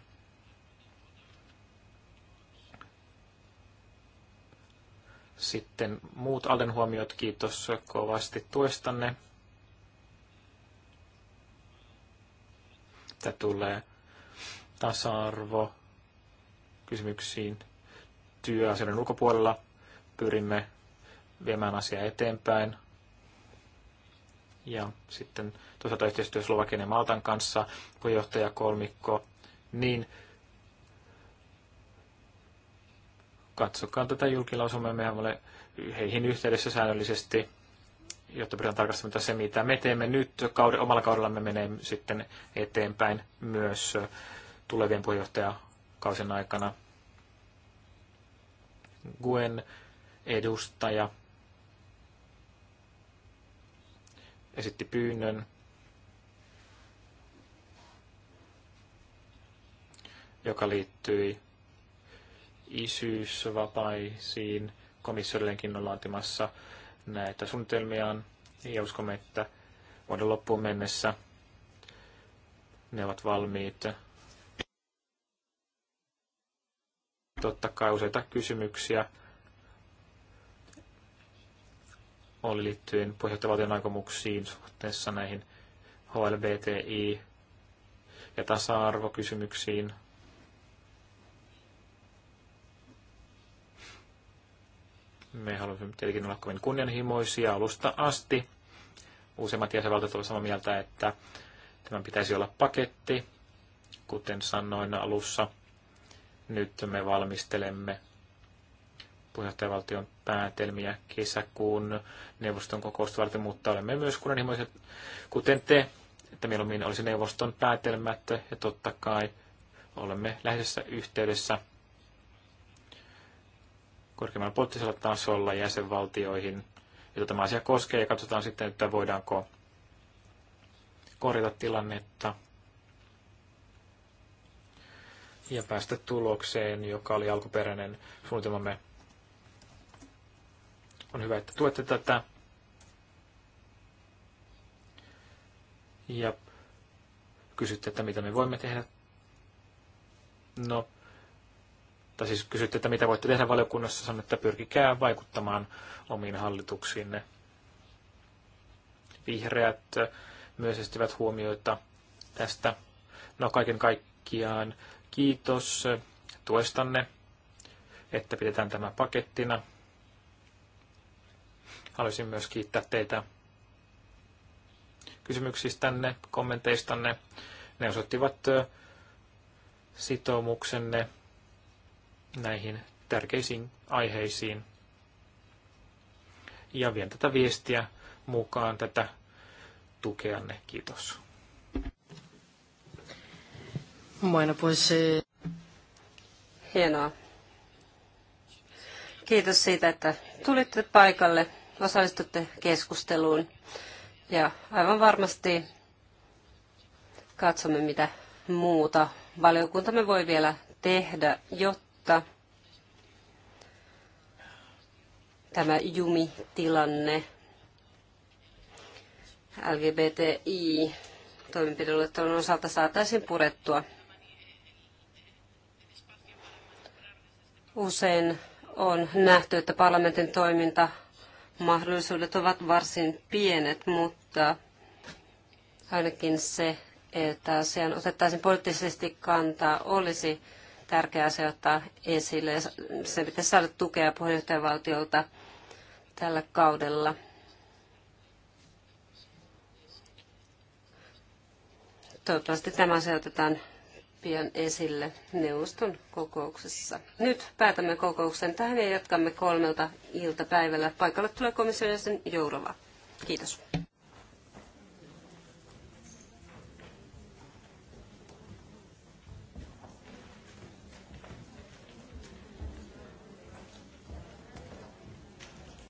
Sitten muut Alden huomiot, kiitos kovasti tuestanne. mistä tulee tasa-arvo kysymyksiin työasioiden ulkopuolella. Pyrimme viemään asiaa eteenpäin. Ja sitten toisaalta yhteistyö Slovakian ja Maltan kanssa, puheenjohtaja Kolmikko, niin katsokaa tätä julkilausumme, me ole heihin yhteydessä säännöllisesti jotta pyritään tarkastamaan se, mitä me teemme nyt. Kauden, omalla kaudellamme menee sitten eteenpäin myös tulevien puheenjohtajakausien aikana. Guen edustaja esitti pyynnön joka liittyi isyysvapaisiin. Komissio laatimassa näitä suunnitelmiaan ja uskomme, että vuoden loppuun mennessä ne ovat valmiit. Totta kai useita kysymyksiä oli liittyen puheenjohtajavaltion aikomuksiin suhteessa näihin HLBTI- ja tasa-arvokysymyksiin – Me haluamme tietenkin olla kovin kunnianhimoisia alusta asti. Useimmat jäsenvaltiot ovat samaa mieltä, että tämän pitäisi olla paketti, kuten sanoin alussa. Nyt me valmistelemme puheenjohtajavaltion päätelmiä kesäkuun neuvoston kokousta varten, mutta olemme myös kunnianhimoiset, kuten te, että mieluummin olisi neuvoston päätelmät ja totta kai olemme läheisessä yhteydessä korkeammalla poliittisella tasolla jäsenvaltioihin, joita tämä asia koskee, ja katsotaan sitten, että voidaanko korjata tilannetta ja päästä tulokseen, joka oli alkuperäinen suunnitelmamme. On hyvä, että tuette tätä. Ja kysytte, että mitä me voimme tehdä. No, tai siis kysytte, että mitä voitte tehdä valiokunnassa, sanon, että pyrkikää vaikuttamaan omiin hallituksiinne. Vihreät myös estivät huomioita tästä. No kaiken kaikkiaan kiitos tuestanne, että pidetään tämä pakettina. Haluaisin myös kiittää teitä kysymyksistänne, kommenteistanne. Ne osoittivat sitoumuksenne näihin tärkeisiin aiheisiin. Ja vien tätä viestiä mukaan tätä tukeanne. Kiitos.
Bueno, pues,
eh, Hienoa. Kiitos siitä, että tulitte paikalle, osallistutte keskusteluun ja aivan varmasti katsomme, mitä muuta valiokuntamme voi vielä tehdä, jotta mutta tämä jumitilanne LGBTI toimenpideluettelon osalta saataisiin purettua. Usein on nähty, että parlamentin toimintamahdollisuudet ovat varsin pienet, mutta ainakin se, että asian otettaisiin poliittisesti kantaa, olisi tärkeä asia ottaa esille ja se pitäisi saada tukea puheenjohtajavaltiolta tällä kaudella. Toivottavasti tämä asia otetaan pian esille neuvoston kokouksessa. Nyt päätämme kokouksen tähän ja jatkamme kolmelta iltapäivällä. Paikalle tulee komission jäsen Jourova. Kiitos.